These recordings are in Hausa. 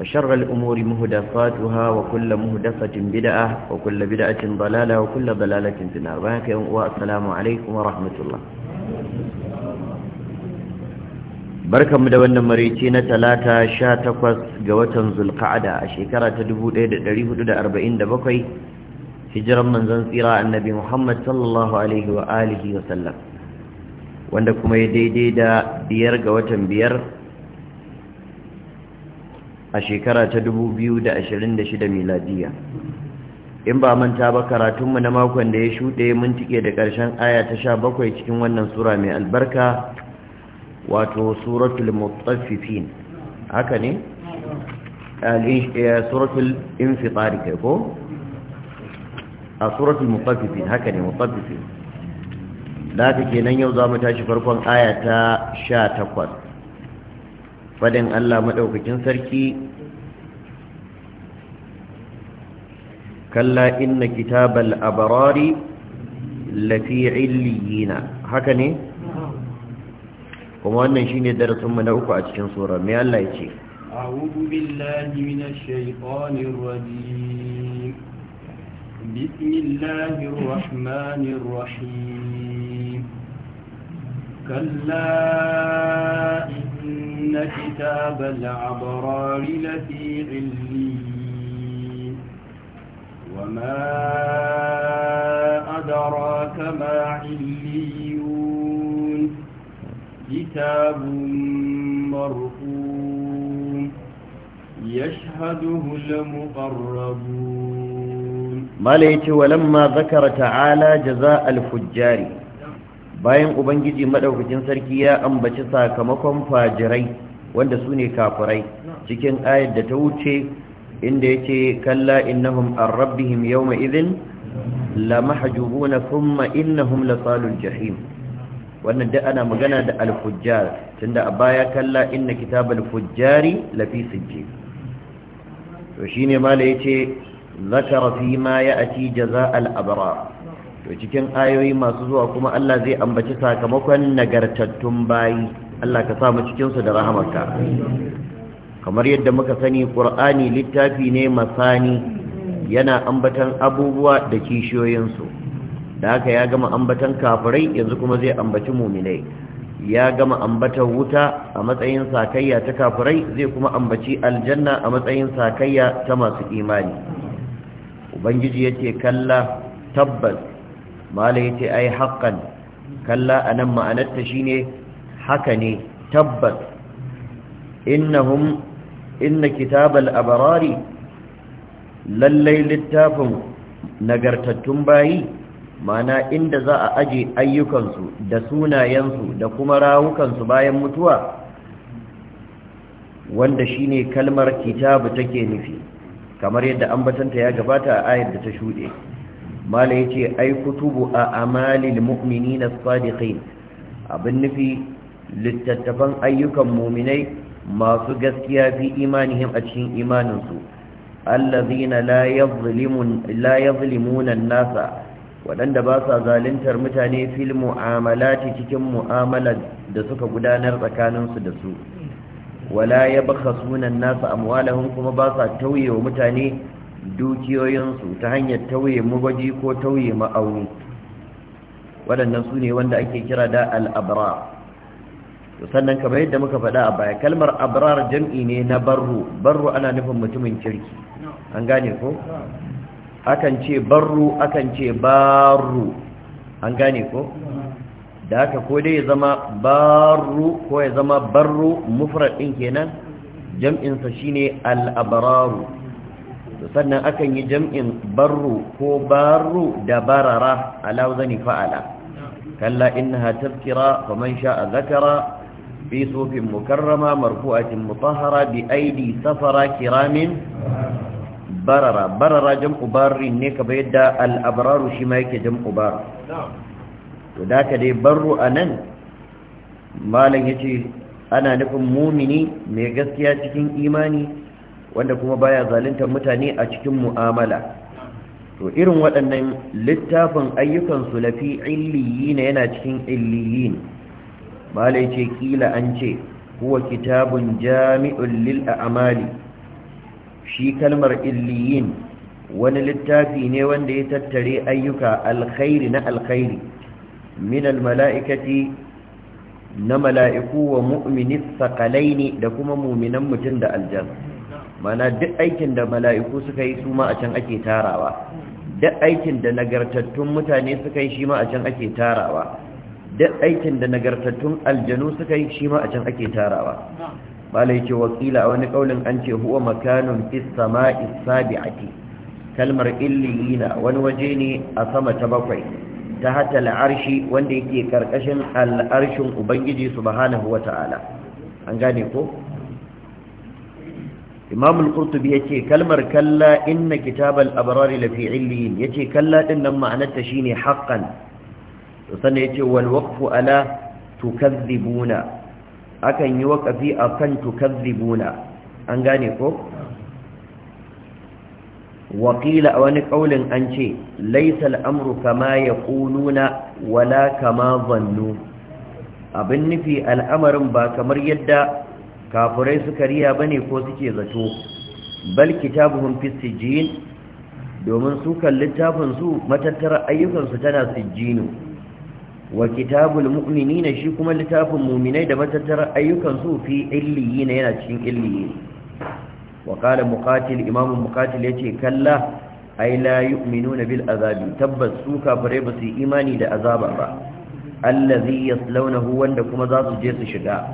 وشر الأمور مهدفاتها وكل مهدفة بدعة وكل بدعة ضلالة وكل ضلالة في النار والسلام عليكم ورحمة الله barkan mu da wannan maraice na talata sha takwas ga watan zulka'ada a shekara ta dubu ɗaya da da da manzon tsira annabi muhammad sallallahu alaihi wa sallam wanda kuma ya daidai da biyar ga biyar a shekara ta 2026 miladiya in ba manta ba karatunmu na makon da ya shuɗe mun tike da ƙarshen aya ta sha bakwai cikin wannan sura mai albarka wato suratul mutaffifin haka ne eh, suratul infitari kai ko a suratul mutaffifin haka ne mutaffifin da haka kenan yau za mu tashi farkon aya ta sha takwas fadin Allah maɗaukakin sarki kalla inna kitabal abarari lafi illiyina haka ne kuma wannan shine darasin mu na uku a cikin sura mai Allah ya ce a'udhu billahi minash shaitanir rajim bismillahir rahmanir rahim كلا إن كتاب العبرار لفي علين وما أدراك ما عليون كتاب مرحوم يشهده المقربون ما ليت ولما ذكر تعالى جزاء الفجار bayan ubangiji madaukakin sarki ya ambaci sakamakon fajirai wanda su ne kafirai cikin ayar da ta wuce inda ya ce kalla innahum an rabbihim yawma idhin innahum la jahim wannan da ana magana da al-fujjar tunda a baya kalla inna kitabal fujjari lafi sijjin to shine mala yace zakara fi ma ati jaza al'abara? to cikin ayoyi masu zuwa kuma Allah zai ambaci sakamakon nagartattun bayi Allah ka samu cikinsu da rahamarka kamar yadda muka sani ƙur'ani littafi ne masani yana ambatan abubuwa da kishiyoyinsu da haka ya gama ambatan kafirai yanzu kuma zai ambaci muminai ya gama ambatan wuta a matsayin sakayya ta kafirai zai kuma ambaci aljanna a matsayin sakayya ta masu imani ubangiji ya ce kalla tabbas mala ya ce ai haƙƙan kalla a nan ma'anarta shi ne haka ne tabbas innahum inna kitabal abarari lallai littafin nagartattun bayi mana inda za a aje ayyukansu da sunayensu da kuma rawukansu bayan mutuwa wanda shine kalmar kitabu take nufi kamar yadda ambatanta ya gabata a ayar da ta shuɗe mala ce ai kutubu a amalil na sadiqin abin nufi littattafan ayyukan mu'minai masu gaskiya fi imanihim a cikin imaninsu allazina la yazlimuna nasa waɗanda ba sa zaluntar mutane fil mu'amalati cikin mu'amala da suka gudanar tsakaninsu da su wala baka sunan nasa amwalahum kuma ba sa tauye wa mutane dukiyoyinsu ta hanyar tauye gwaji ko tauye ma'auni waɗannan su ne wanda ake kira da al'abra sannan kamar yadda muka faɗa a baya kalmar abrar jam'i ne na barru barru ana nufin mutumin kirki an gane ko akan ce barru akan ce barru an gane ko da haka ko dai ya zama barru ko ya zama barru mufradin din kenan jam'insa shine al-abraru sannan akan yi jam'in barru ko barru da barara ala zani fa'ala kalla innaha tazkira faman sha'a zakara fi sufin mukarrama marfu'atin mutahhara bi aidi safara kiramin barara barara jam'u barri ne kaba yadda al shi ma yake jam'u bar to da ka dai barru anan malam yace ana nufin mumini mai gaskiya cikin imani wanda kuma baya zaluntar mutane a cikin mu'amala to irin waɗannan littafin ayyukan sulafi illiyi illiyina yana cikin illiyin malai ce kila an ce kuwa kitabun jami'un lil a'mali shi kalmar illiyin wani littafi ne wanda ya tattare ayyuka alkhairi na alkhairi min almala'ikati na mala'iku wa mu'minis sakalaini da kuma muminan mutum da aljanna mana duk aikin da mala'iku suka yi su ma a can ake tarawa duk aikin da nagartattun mutane suka yi shi ma a can ake tarawa duk aikin da nagartattun aljanu suka yi shi ma a can ake tarawa malai ce wakila a wani kaulin an ce huwa makanun fis sama'i sabi'ati kalmar illiyina wani waje ne a sama ta bakwai ta hata La'arshi, wanda yake karkashin al'arshin ubangiji subhanahu wata'ala an gane ko imam al-qurtubi yace kalmar kalla inna kitabal abrar lafi illiyin yace kalla din nan ma'anarta shine ne to sannan yace wal waqfu ala tukadhibuna akan yi waqafi akan tukadhibuna an gane ko وقيل أوان قول أنشي ليس kama كما يقولون wala kama zannu. Abin nufi al'amarin ba kamar yadda. kafurai suka riya bane ko suke zato bal kitabuhum fi sijjin domin su kan littafin su matattara ayyukan su tana sijjinu wa kitabul mu'minina shi kuma littafin mu'minai da matattara ayyukan su fi illiyina yana cikin illiyin wa qala muqatil imamu muqatil yace kalla ay la yu'minuna bil azabi tabbas su kafurai ba su imani da azaba ba allazi yaslawnahu wanda kuma za su je su shiga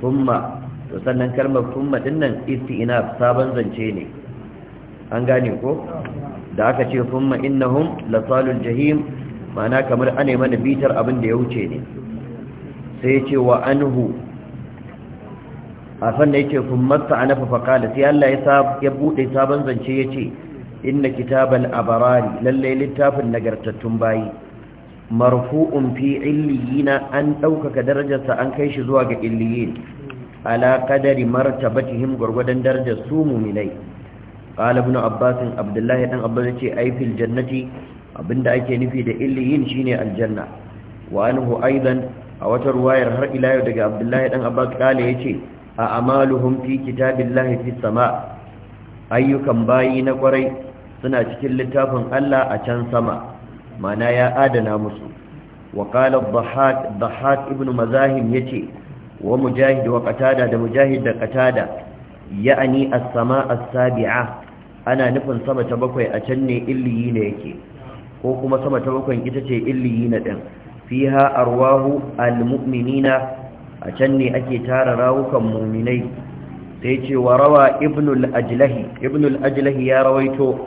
thumma to sannan kalmar thumma din nan isti'naf sabon zance ne an gane ko da aka ce thumma innahum lasalul jahim ma'ana kamar ane mana bitar abin da ya wuce ne sai ya ce wa anhu a sannan ya ce thumma sa'anafa faqala sai Allah ya ya buɗe sabon zance ya ce inna kitabal abarari lallai littafin nagartattun bayi marfu'un fi illiyina an ɗaukaka darajarsa an kai shi zuwa ga illiyin ala qadari martabatihim gurgudan darajar su mu'minai qala ibn abbas abdullahi dan abbas yace ai jannati abinda ake nufi da illiyin shine aljanna wa anhu aidan a wata ruwayar har ila yau daga abdullahi dan abbas kale yace a amaluhum fi kitabillahi fi sama ayyukan bayi na kwarai suna cikin littafin Allah a can sama mana ya adana musu wa qala dhahat dhahat ibn mazahim yace wa mujahid wa qatada da mujahid da qatada ya'ani as-sama as-sabi'a ana nufin sama ta bakwai a can ne illiyi ne yake ko kuma sama ta bakwai ita ce illiyi na din fiha arwahu al-mu'minina a can ne ake tara rawukan mu'minai sai ce wa rawa ibn al-ajlahi ibn al-ajlahi ya rawaito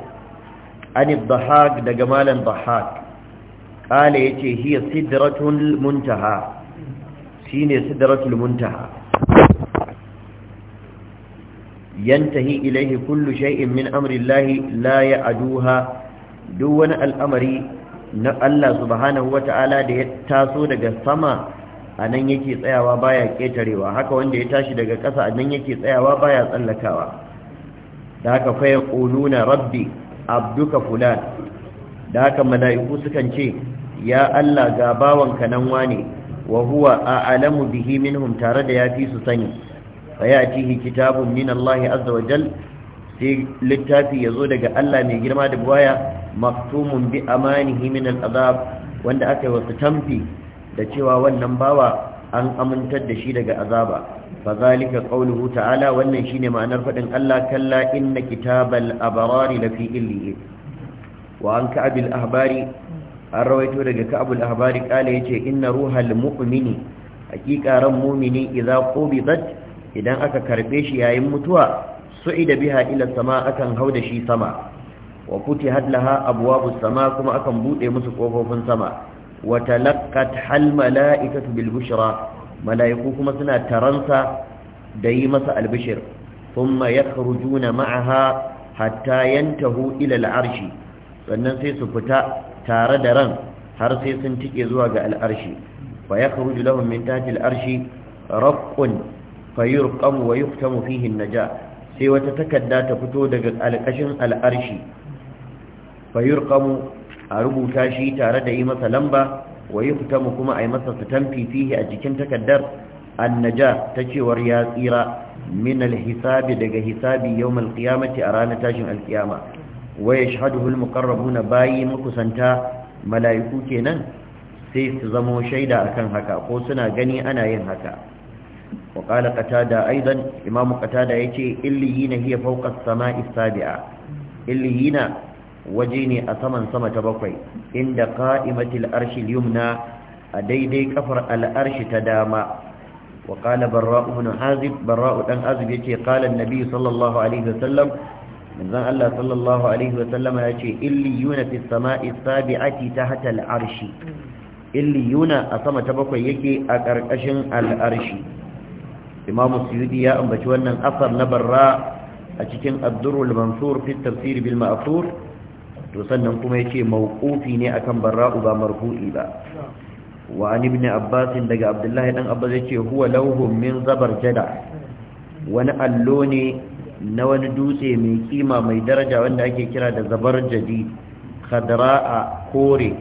an ad daga malam dhahak qala yace hiya sidratul muntaha Shi ne sidratul muntaha yantahi ilaihi kullu shay'in min amri llahi la ya'duha duk wani al'amari na Allah subhanahu wata'ala da ya taso daga sama anan yake tsayawa baya ketarewa haka wanda ya tashi daga ƙasa a yake tsayawa baya tsallakawa da haka fa yaquluna rabbi abduka fulan da haka mala'iku sukan ce ya Allah ga bawanka nan wane wa huwa a'lamu bihi minhum tare da yafi su sani fa ya'tihi kitabun min Allah azza wa jal sai littafi yazo daga Allah mai girma da buwaya maktumun bi amanihi min al'azab wanda aka yi wasu tamfi da cewa wannan bawa an amintar da shi daga azaba fa zalika qawluhu ta'ala wannan shine ma'anar fadin Allah kalla inna kitabal abrari lafi illi wa an ka'abil ahbari an rawaito daga ka'abul ahbari kala yace inna ruhal mu'mini hakika ran mu'mini idza qubidat idan aka karbe shi yayin mutuwa su'ida biha ila sama akan da shi sama wa futihat laha abwabus sama kuma akan bude musu kofofin sama wa talaqqat hal malaikatu bil bushra malaiku kuma suna taransa da yi masa albishir thumma yakhrujuna ma'aha hatta yantahu ila al-arshi sannan sai su fita tare da ran har sai sun tike zuwa ga al'arshi fa yakhruju lahum min tahti al'arshi raqun fayurqam wa yuktamu fihi an-naja sai wata takadda ta fito daga alƙashin al'arshi fayurqam a rubuta shi tare da yi masa lamba wa mu kuma a yi masa sitamfi fifihi a jikin takaddar annaja ta cewar ya tsira min alhisabi daga hisabi yawmal qiyamati a ranar tashin alkiyama wa yashhaduhu almuqarrabuna bayi makusanta mala'iku kenan sai su zamo shaida akan haka ko suna gani ana yin haka wa qala qatada aidan imam qatada yace illiyina hiya fawqa as-sama'i as-sabi'a illiyina waje ne a saman sama ta bakwai inda qa'imatil arshil yumna a daidai kafar al'arshi ta dama وقال barra'u بن حازب براء بن عازب يتي قال manzon Allah sallallahu alaihi wa sallama ya ce illiyuna fis sama'i sabi'ati tahta al-arshi illiyuna a sama ta bakwai yake a ƙarƙashin al-arshi imamu suyudi ya ambaci wannan asar na barra a cikin abdurul mansur fi tafsir bil ma'thur to sannan kuma yace mawqufi ne akan barra'u ba marfu'i ba wa an ibn abbas daga abdullahi dan abbas yace huwa lawhum min jada? wani allo ne na wani dutse mai kima mai daraja wanda ake kira da zabar zabarjadi khadra'a kore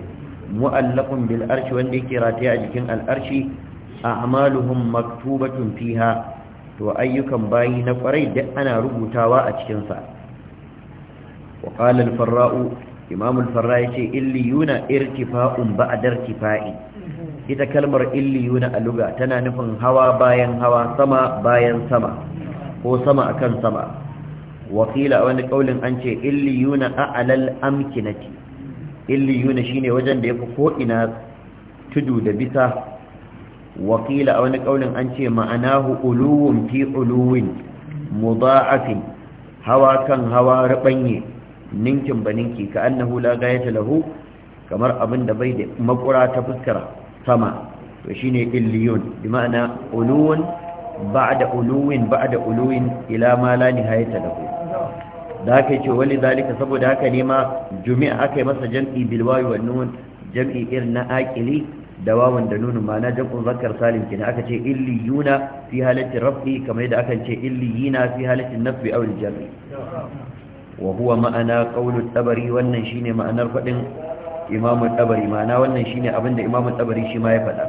mu'allaqun bil arshi wanda yake rataye a jikin al'arshi a'maluhum maktubatun fiha to ayyukan bayi na kwarai duk ana rubutawa a cikin sa al-farra'u imam al-farra yace illiyuna irtifa'un ba'da irtifa'i ita kalmar illiyuna a luga tana nufin hawa bayan hawa sama bayan sama ko sama akan sama wakila wani kaulin an ce illiyuna a'lal amkinati illiyuna shine wajen da yafi ko ina tudu da bisa wakila a wani kaulin an ce ma'anahu uluwun fi uluwin mudha'afin hawa kan hawa rabanye ninkin baninki ka annahu la gayata lahu kamar abin da bai da makura ta fuskar sama to shine illiyun bi ma'ana uluwun da uluwin ba'da uluwin ila ma la nihayata lahu da yi yace wani zalika saboda haka ne ma aka yi masa jam'i bilwayo wawi wan nun jam'i irin na aqili da wawan da nunun mana na jam'u zakkar salim kina aka ce illiyuna fi halittin rafi kamar yadda aka ce illiyina fi halittin nafi aw wani jam'i wa huwa ma'ana qawlu tabari wannan shine ma'anar faɗin imamu tabari ma'ana wannan shine abinda imamu tabari shi ma ya faɗa.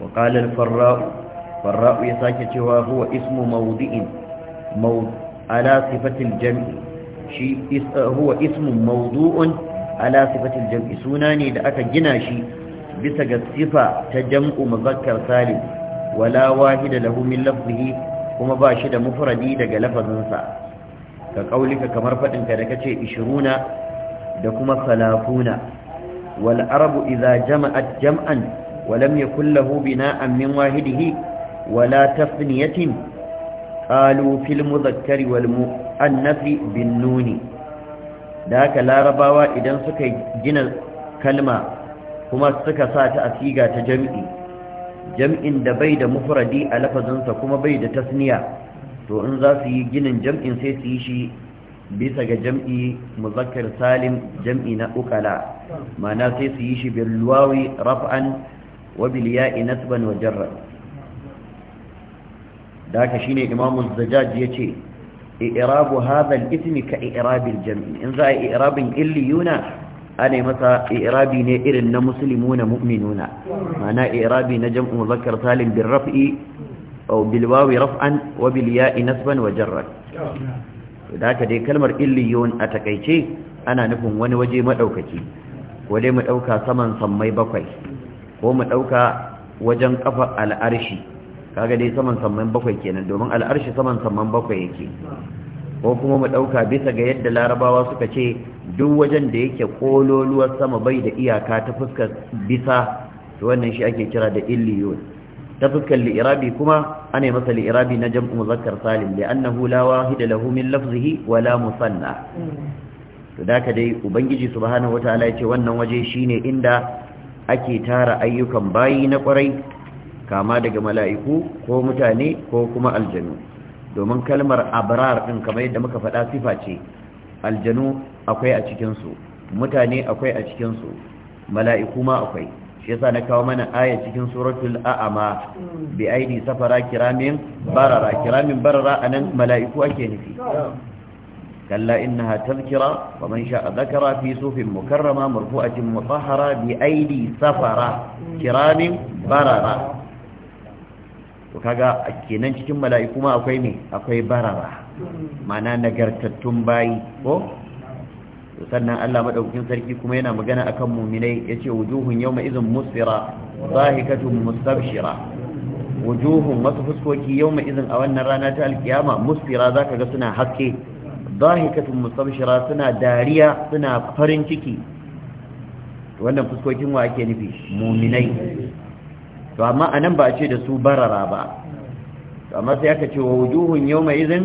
wa qala farra farra'u ya sake cewa huwa ismu mawdi'in mawd ala jam'i suna ne da aka gina shi bisa ga sifa ta jam'u muzakkar salim wala wahida lahu min lafzihi kuma ba shi da mufradi daga lafazinsa ka kaulika kamar fadinka da kace ishiruna da kuma 30 والعرب إذا جمعت جمعا ولم يكن له بناء من واحده ولا تفنية قالوا في المذكر والمؤنث بالنون ذاك لا رباوا إذن kalma جن suka sa ta ساتا ta تجمعي jam'in da bai da mufradi a lafazinsa kuma bai da tasniya to in za su yi ginin jam'in sai su yi shi bisa ga jam'i muzakkar salim jam'i na ukala ma'ana sai su yi shi bil luwawi raf'an wa bil ya'i nasban wa jarra da haka shine imamu zajjaj yace i'rabu hadha al-ism ka i'rab jami in za i'rabin illiyuna ana masa i'rabi ne irin na muslimuna mu'minuna mana i'rabi na jam'u mudhakkar salim bil raf'i aw bil wawi raf'an wa bil ya'i nasban wa jarra da haka dai kalmar illiyun a takaice ana nufin wani waje madaukaki ko dai mu dauka saman sammai bakwai ko mu dauka wajen kafa al'arshi kaga dai saman samman bakwai kenan domin al'arshi saman samman bakwai yake ko kuma mu ɗauka bisa ga yadda larabawa suka ce duk wajen da yake kololuwar sama bai da iyaka ta fuskar bisa to wannan shi ake kira da illiyun ta fuskar li'irabi kuma ana masa li'irabi na jam'u muzakkar salim da annahu la wahida lahu min lafzihi wa la musanna to da ka dai ubangiji subhanahu wataala ya ce wannan waje shine inda ake tara ayyukan bayi na kwarai kama daga mala'iku ko mutane ko kuma aljanu domin kalmar abrar ɗin kamar yadda muka faɗa sifa ce aljanu akwai a cikinsu mutane akwai a cikinsu mala'iku ma akwai shi yasa na kawo mana aya cikin suratul a'ama bi aidi safara kiramin barara kiramin barara anan mala'iku ake nufi كلا إنها تذكرة ومن شاء ذكر في mukarrama marfu'atin مرفوعة مطهرة بأيدي safara kiramin barara. to kaga kenan cikin mala'iku ma akwai ne akwai barara mana nagartattun bayi ko sannan Allah madaukakin sarki kuma yana magana akan muminai yace wujuhun yawma idhin musfira zahikatun mustabshira wujuhun wasu fuskoki yawma idhin a wannan rana ta alkiyama musfira zaka ga suna haske zahikatun mustabshira suna dariya suna farin ciki wannan fuskokin wa ake nufi muminai to amma anan ba a ce da su barara ba to amma sai aka ce wa wujuhun yawma idhin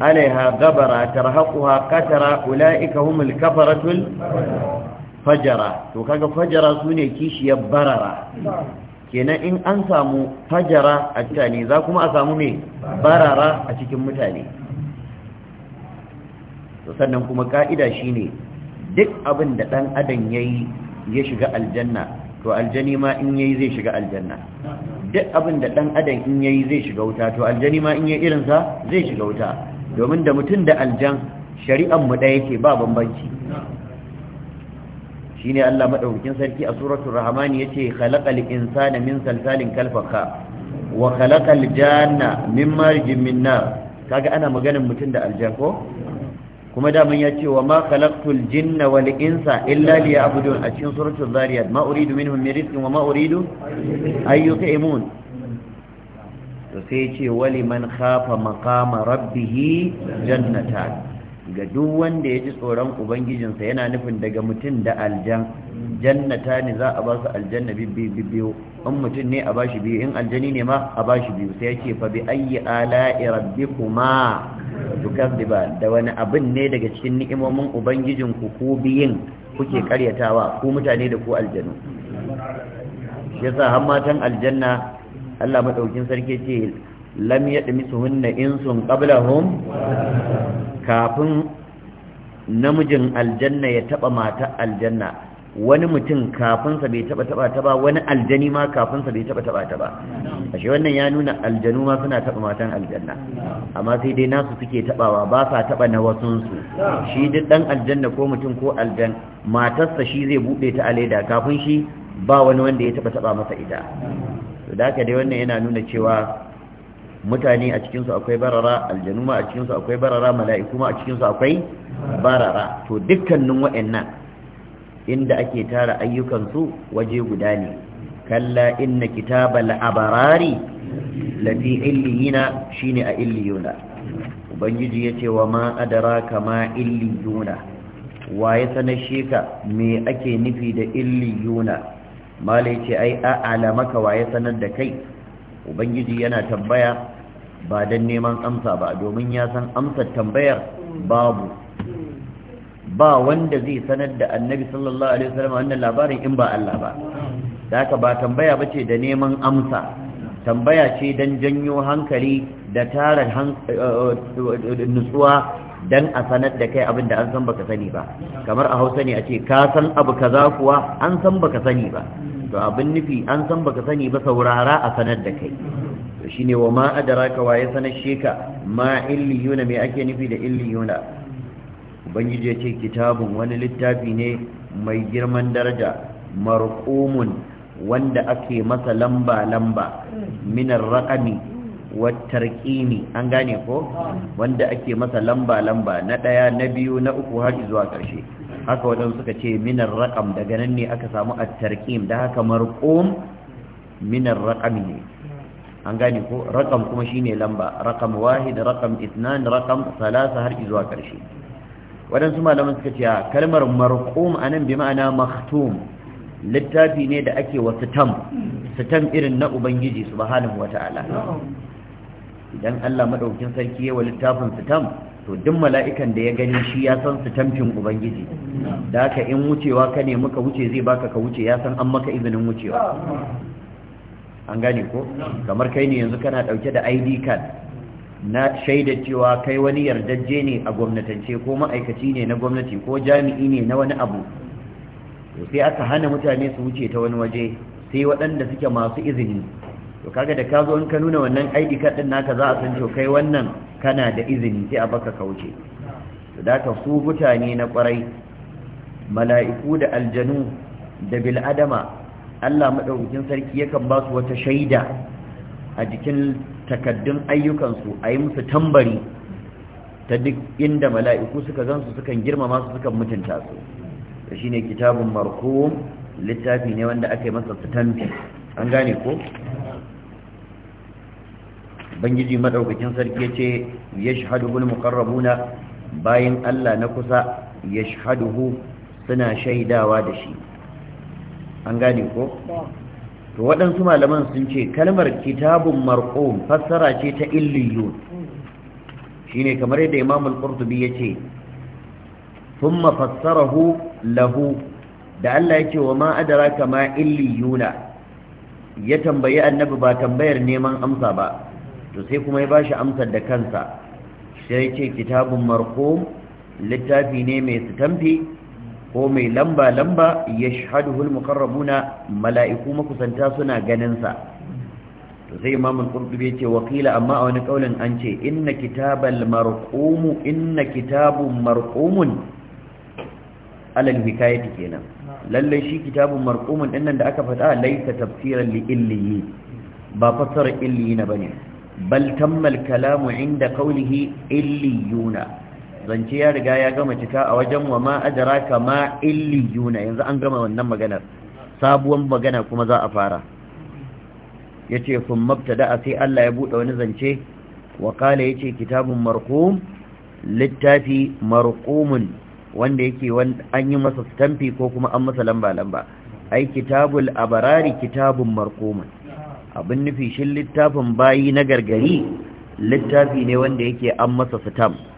alaiha gabara tarhaquha qatara ulaika humul kafaratul fajara to kaga fajara sune kishiyar barara kenan in an samu fajara a mutane za kuma a samu mai barara a cikin mutane sannan kuma ka'ida shine duk abin da ɗan adam yayi ya shiga aljanna to aljani ma in yayi zai shiga aljanna duk abin da dan adam in yayi zai shiga wuta to aljani ma in yayi irin sa zai shiga wuta domin da mutum da aljan shari'an mu da yake ba bambanci shine Allah madaukakin sarki a suratul rahman yace khalaqal insana min salsalin kalfaka wa khalaqal janna min marjin min nar kaga ana maganin mutum da aljan ko kuma daman ya ce wa ma khalaqtul jinna wal insa illa liya'budun a cikin suratul zariyat ma uridu minhum min rizqin wa ma uridu ay yut'imun to sai ya ce wali man khafa maqama rabbih jannatan ga duk wanda ya ji tsoron ubangijinsa yana nufin daga mutum da aljan jannata ne za a ba su aljanna bibbiyo in mutum ne a bashi biyu in aljani ne ma a bashi biyu sai yake fa bi ayyi ala'i rabbikuma tukazziba da wani abin ne daga cikin ni'imomin ubangijin ku ko biyin kuke karyatawa ko mutane da ku aljanu yasa har matan aljanna Allah madaukin sarki ce lam yadmisuhunna insun qablahum kafin namijin aljanna ya taba mata aljanna wani mutum kafinsa bai taba taba ta ba wani aljani ma kafinsa bai taba taba ta ba ashe wannan ya nuna aljanu ma suna taba matan aljanna amma sai dai nasu suke tabawa ba sa taba na wasun shi duk dan aljanna ko mutum ko aljan matarsa shi zai bude ta aleda kafin shi ba wani wanda ya taba taba masa ita to da haka dai wannan yana nuna cewa mutane a cikinsu akwai barara aljanu ma a cikinsu akwai barara mala'iku ma a cikinsu akwai barara to dukkanin waɗannan inda ake tara ayyukansu waje guda ne kalla inna kitabal abarari lafi illiyina shine a illiyuna ubangiji ya ce wa ma adaraka ma illiyuna wa ya sanashe ka me ake nufi da illiyuna mala ya ai a alamaka wa ya sanar da kai ubangiji yana tambaya ba don neman amsa ba domin ya san amsar tambayar babu ba wanda zai sanar da annabi sallallahu alaihi wasallam wannan labarin in ba Allah ba da ba tambaya bace da neman amsa tambaya ce dan janyo hankali da tara eh, nutsuwa dan a sanar da kai abin da an san baka sani ba kamar a Hausa ne a ce ka san abu kaza kuwa an san baka sani ba to abin nufi an san baka sani ba saurara a sanar da kai to shine wa ma adraka wa ya sanar sheka ma illiyuna me ake nufi da illiyuna ubangiji ya ce kitabun wani littafi ne mai girman daraja marqumun wanda ake masa lamba-lamba minar raƙami watarƙini an gane ko wanda ake masa lamba-lamba na ɗaya na biyu na uku har zuwa ƙarshe haka waɗansu suka ce minar raƙam daga nan ne aka samu attarƙim da haka marƙum minar raƙami ne an gane ko raƙam kuma shine lamba raƙam wahid raƙam isnan raƙam salasa har zuwa ƙarshe waɗansu malaman suka ce kalmar a nan bi ma'ana maktum littafi ne da ake wa sitam sitam irin na ubangiji subhanahu wata'ala idan Allah maɗaukin sarki yawa littafin sitam to duk mala'ikan da ya gani shi ya san sitamfin ubangiji da haka in wucewa ka ne muka wuce zai baka ka wuce ya san an maka izinin wucewa an gane ko kamar kai ne yanzu kana ɗauke da ID card na shaida cewa kai wani yardajje ne a gwamnatance ko ma'aikaci ne na gwamnati ko jami'i ne na wani abu to sai aka hana mutane su wuce ta wani waje sai waɗanda suke masu izini to kaga da ka zo in ka nuna wannan ID card din naka za a san to kai wannan kana da izini sai a baka ka wuce to da ka su mutane na kwarai mala'iku da aljanu da bil adama Allah madaukakin sarki yakan ba su wata shaida a jikin takaddun ayyukansu a yi musu tambari ta duk inda mala'iku suka zansu sukan girmama su sukan mutunta su da shi ne kitabun marko littafi ne wanda aka yi masa sitamfi an gane ko? bangiji maɗaukakin sarki ya ce ya shahaduhu muƙarrabuna bayan allah na kusa ya shahaduhu suna shaidawa da shi an gane ko? to waɗansu malaman sun ce kalmar kitabun marqum fassara ce ta illiyun ne kamar yadda Imam al-Qurtubi yace thumma fassarahu lahu da Allah yake wa ma adraka ma illiyuna ya tambayi annabi ba tambayar neman amsa ba to sai kuma ya bashi amsar da kansa sai ya ce kitabun marqum littafi ne mai sitamfi ko mai lamba lamba ya shahaduhul muqarrabuna mala'iku makusanta suna ganin sa to sai imam al ce yace amma a wani kaulin an ce inna kitabal marqum inna kitabun marqumun alal kenan lallai shi kitabun marƙumun dinnan da aka faɗa laisa tafsiran li illiyi ba fasara illiyina bane bal tammal kalamu inda qawlihi illiyuna zance ya riga ya gama cika a wajen wa ma ka ma yuna yanzu an gama wannan maganar sabuwan magana kuma za a fara yace kun mabtada sai Allah ya buɗe wani zance Wakala ya yace kitabun marqum littafi marqumun wanda yake an yi masa stampi ko kuma an masa lamba lamba ai kitabul abarari kitabun marqumun abin nufi shin littafin bayi na gargari littafi ne wanda yake an masa stampi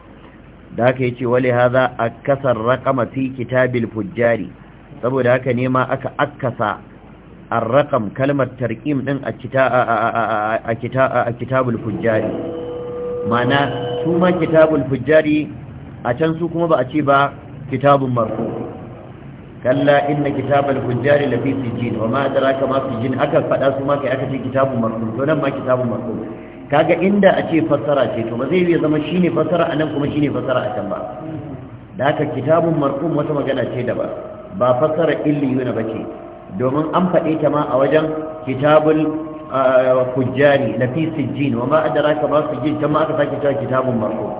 da aka yi ce, wali haza, akasar raqama fi kitabil fujari. saboda haka ne ma aka akasa ar-raqam kalmar tarqim din a kitabul fujari. mana su ma kitabul fujari, a can su kuma ba a ce ba kitabun marfu kalla inna kitabal fujjari lafi sijin wa ma adraka ma sijin aka fada su ma kai aka ce kitabun marfu to nan ma kitabun marfu kaga inda a ce fassara ce to ba zai iya zama shi ne fassara a nan kuma shi ne fassara a can ba da haka kitabun markun wata magana ce da ba ba fassara illiyuna ce. domin an faɗe ta ma a wajen kitabul fujjari lafi sijjin wa ma ka ma sijjin can ma aka sake cewa kitabun marqum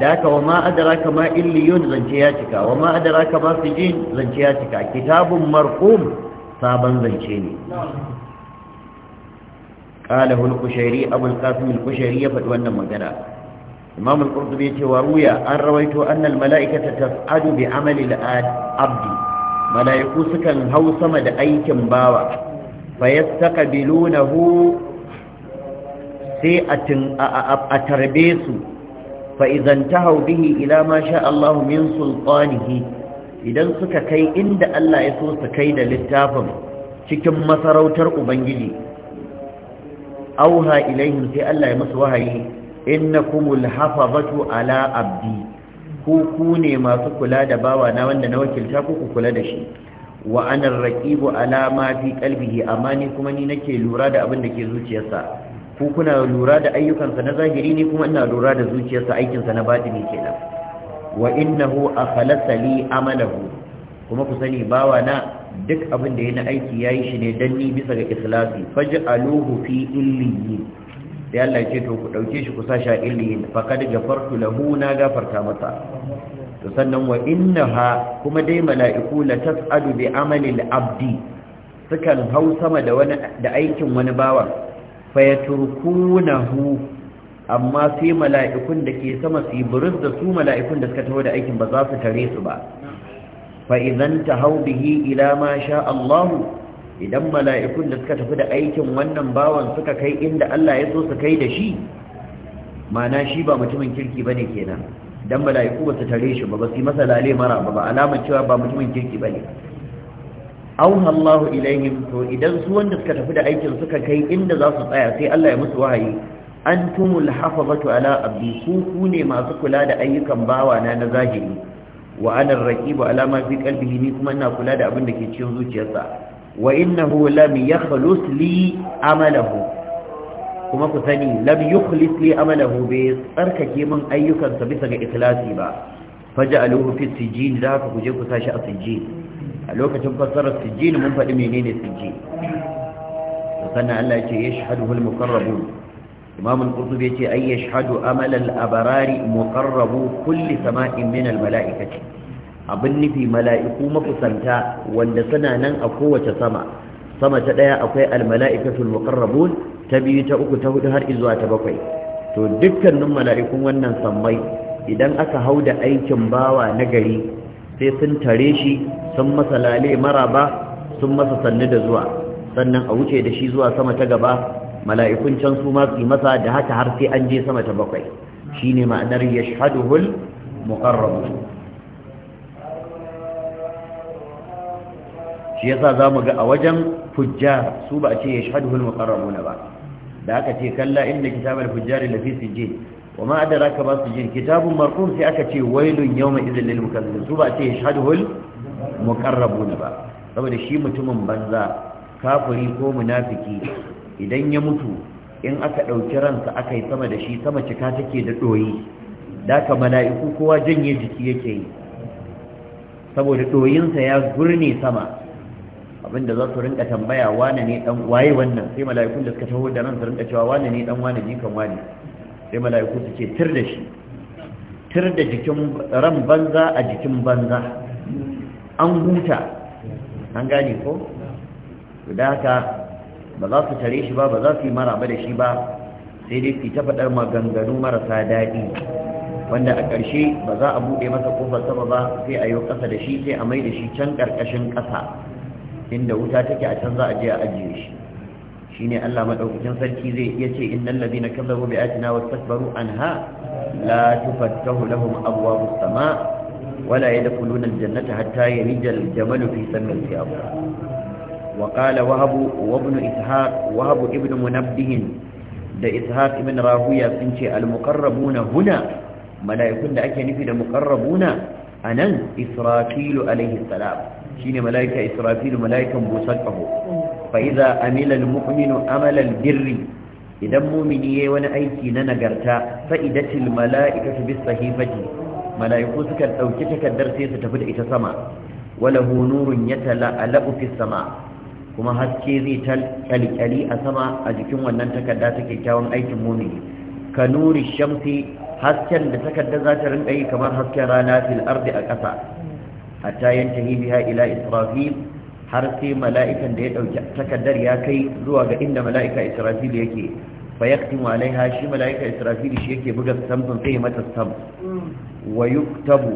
da haka wa ma ka ma illiyun zance ya cika wa ma ka ma sijjin zance ya cika kitabun markun sabon zance ne قاله القشيري أبو القاسم القشيري فدوانا مجنى إمام القرطبي وروي أن رويت أن الملائكة تفعد بعمل العبد ملائكو سكن هو صمد أي كمباوة فيستقبلونه سيئة أتربيس فإذا انتهوا به إلى ما شاء الله من سلطانه إذا سكا كي إند ألا يسوس كيد للتافم شكم مسروتر أبنجلي auha ilaihim sai Allah ya masu wahayi innakumul hafazatu ala abdi ku ku ne masu kula da bawa na wanda na wakilta ku kula da shi wa ana raqibu ala ma fi qalbihi amma ni kuma ni nake lura da abin da ke zuciyarsa ku kuna lura da ayyukansa na zahiri ni kuma ina lura da zuciyarsa aikinsa na batini kenan wa innahu akhlasa li amalahu kuma ku sani bawa na duk abin da ya na aiki ya yi shi ne don ni bisa ga islafi faji aluhu fi illiyi sai Allah ce to ku ɗauke shi ku sa shi fa kad fakad gafartu lahu na gafarta masa to sannan wa innaha kuma dai mala'iku la tas'alu bi amali al-abdi sukan hau sama da wani da aikin wani bawa fa yatrukunahu amma sai mala'ikun da ke sama su da su mala'ikun da suka taho da aikin ba za su tare su ba fa'idan ta hau bihi ila ma sha Allahu idan mala'ikun da suka tafi da aikin wannan bawan suka kai inda Allah ya so su kai da shi mana shi ba mutumin kirki ba ne kenan don mala'iku ba su tare shi ba ba su yi masa lale mara ba ba alamar cewa ba mutumin kirki ba ne auha Allahu ilaihim to idan su wanda suka tafi da aikin suka kai inda za su tsaya sai Allah ya musu wahayi an antumul hafazatu ala abdi ku ne masu kula da ayyukan bawana na zahiri wa ana raqibu ala ma fi qalbihi ni kuma ina kula da abin da ke cikin zuciyarsa wa innahu lam yakhlus li amalahu kuma ku sani lam yukhlis li amalahu bi tsarkake min ayyukansa bisa ga ikhlasi ba faj'aluhu fi sijjin da haka ku ku sashi a sijjin a lokacin fassarar sijjin mun faɗi menene sijjin sannan Allah ya ce yashhaduhu al-muqarrabun imam al-qurtubi yace ay yashhadu amal al-abrari muqarrabu kulli sama'in min al-mala'ikati abin nufi mala'iku mafusanta, wanda suna nan a kowace sama sama ta daya akwai al-mala'ikatul muqarrabun ta biyu ta uku ta hudu har zuwa ta bakwai to dukkanin mala'ikun wannan sammai idan aka hau da aikin bawa na gari sai sun tare shi sun masa lale maraba sun masa sannu da zuwa sannan a wuce da shi zuwa sama ta gaba mala'ikun can su ma masa da haka har sai an je sama ta bakwai shine ma'anar ya yashhaduhul muqarrabun shi yasa mu ga a wajen fujjar su ba a ce ya yashhaduhul na ba da aka ce kalla inna kitabal fujjar lafi sijjin وما أدراك ما سجين كتاب مرقوم في أكتي ويل يومئذ للمكذبين سوف أتي يشهده na ba saboda shi mutumin banza kafiri ko munafiki idan ya mutu in aka ɗauki ransa aka yi sama da shi sama cika take da ɗoyi daga mala'iku kowa janye jiki yake yi saboda ɗoyinsa ya gurne sama abinda za su rinka tambaya wane ne dan waye wannan sai mala'ikun da suka taho da nan su rinka cewa wane ne dan wane jikan wane sai mala'iku su ce tir da shi tir da jikin ran banza a jikin banza an huta an gane ko da haka ba za su tare shi ba ba za su yi maraba da shi ba sai dai fita ta faɗar maganganu marasa daɗi wanda a ƙarshe ba za a buɗe masa ƙofar sama ba sai a yi ƙasa da shi sai a mai da shi can ƙarƙashin ƙasa inda wuta take a can za a je a ajiye shi shine Allah madaukakin sarki zai iya ce innal ladina kazzabu bi ayatina wastakbaru anha la tufattahu lahum abwabus samaa wala yadkhuluna aljannata hatta yarija aljamal fi sammi al وقال wahabu وابن إسحاق da ishaq ibn rahuya sun ce almuqarrabuna huna malaikun da ake nufi da muqarrabuna anan israfil alayhi salam shine malaika israfil malaikan musaqqahu fa Fa'iza, amila almu'minu amala albirri idan mu'mini yayi wani aiki na nagarta fa idatil malaikatu bis sahifati malaiku suka dauki takardar sai su tafi da ita sama wala hu nurun yatala alaqu kuma haske zai ta a sama a jikin wannan takarda ta kyakkyawan aikin mumini ka nuri shamsi hasken da takarda za ta rinka yi kamar hasken rana fil ardi a ƙasa hatta yantahi biha ila israfil har sai mala'ikan da ya dauki takardar ya kai zuwa ga inda mala'ika israfil yake fa yaktimu alaiha shi mala'ika israfil shi yake buga samfin sai mata sam wa yuktabu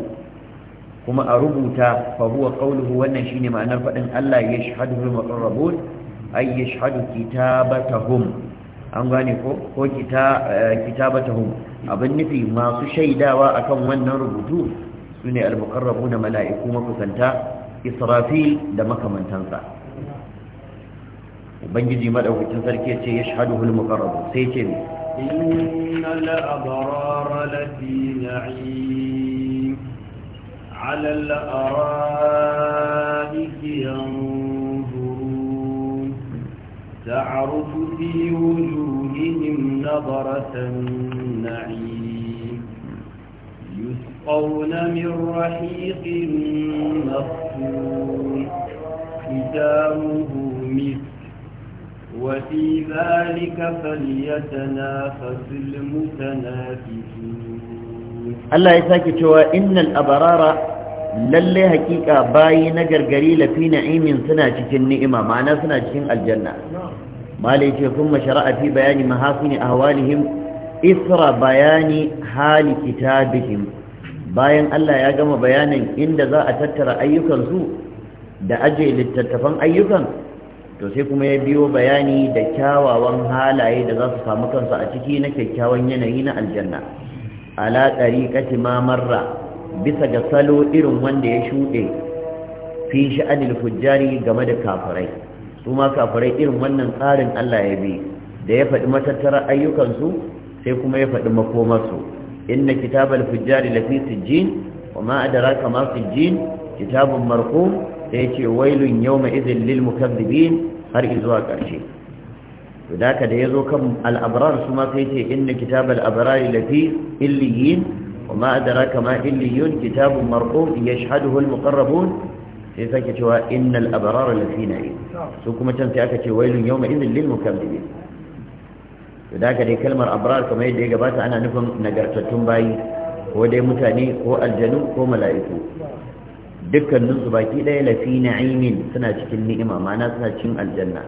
kuma a rubuta fa ƙaunuhu qawluhu wannan shine ma'anar faɗin Allah yashhadu al-muqarrabun ay yashhadu kitabatahum an gane ko ko eh, kitabatahum abin nufi masu shaidawa akan wannan rubutu su sune al-muqarrabuna mala'iku makusanta israfil da makamantansa ubangiji madaukakin sarki ya ce yashhaduhu al-muqarrabun sai ce innal abrara lafi na'im على الأرائك ينظرون تعرف في وجوههم نظرة النعيم يسقون من رحيق مصفون ختامه مسك وفي ذلك فليتنافس المتنافسون Allah ya sake cewa innal abarara lallai hakika bayi na gargari lafi na'imin suna cikin ni'ima ma'ana suna cikin aljanna malai ce kuma shari'a fi bayani mahasini ahwalihim isra bayani hali kitabihim bayan Allah ya gama bayanin inda za a tattara ayyukansu da aje littattafan ayyukan to sai kuma ya biyo bayani da kyawawan halaye da za su samu kansu a ciki na kyakkyawan yanayi na aljanna ala tariqati ma marra bisa ga salo irin wanda ya shuɗe fi sha'anil fujjari game da kafirai su ma kafirai irin wannan tsarin Allah ya bi da ya faɗi matattara ayyukansu sai kuma ya faɗi makomarsu inna kitabal fujjari lafi sijjin wa ma adraka ma sijjin kitabun marqum sai ce wailun yawma idhil lil mukaththibin har izuwa ƙarshe to da ka da ya zo kan al'abrar su ma sai ce inna kitab al'abrar lafi illiyin wa ma adraka ma illiyun kitabun marko marqum yashhaduhu al-muqarrabun sai sake cewa inna al'abrar lafi na'im su kuma can sai aka ce wailun yawma idhin lil mukazzibin to da ka dai kalmar abrar kamar yadda ya gabata ana nufin nagartattun bayi ko dai mutane ko aljanu ko mala'iku dukkaninsu baki ɗaya lafi na'imin suna cikin ni'ima ma'ana suna cikin aljanna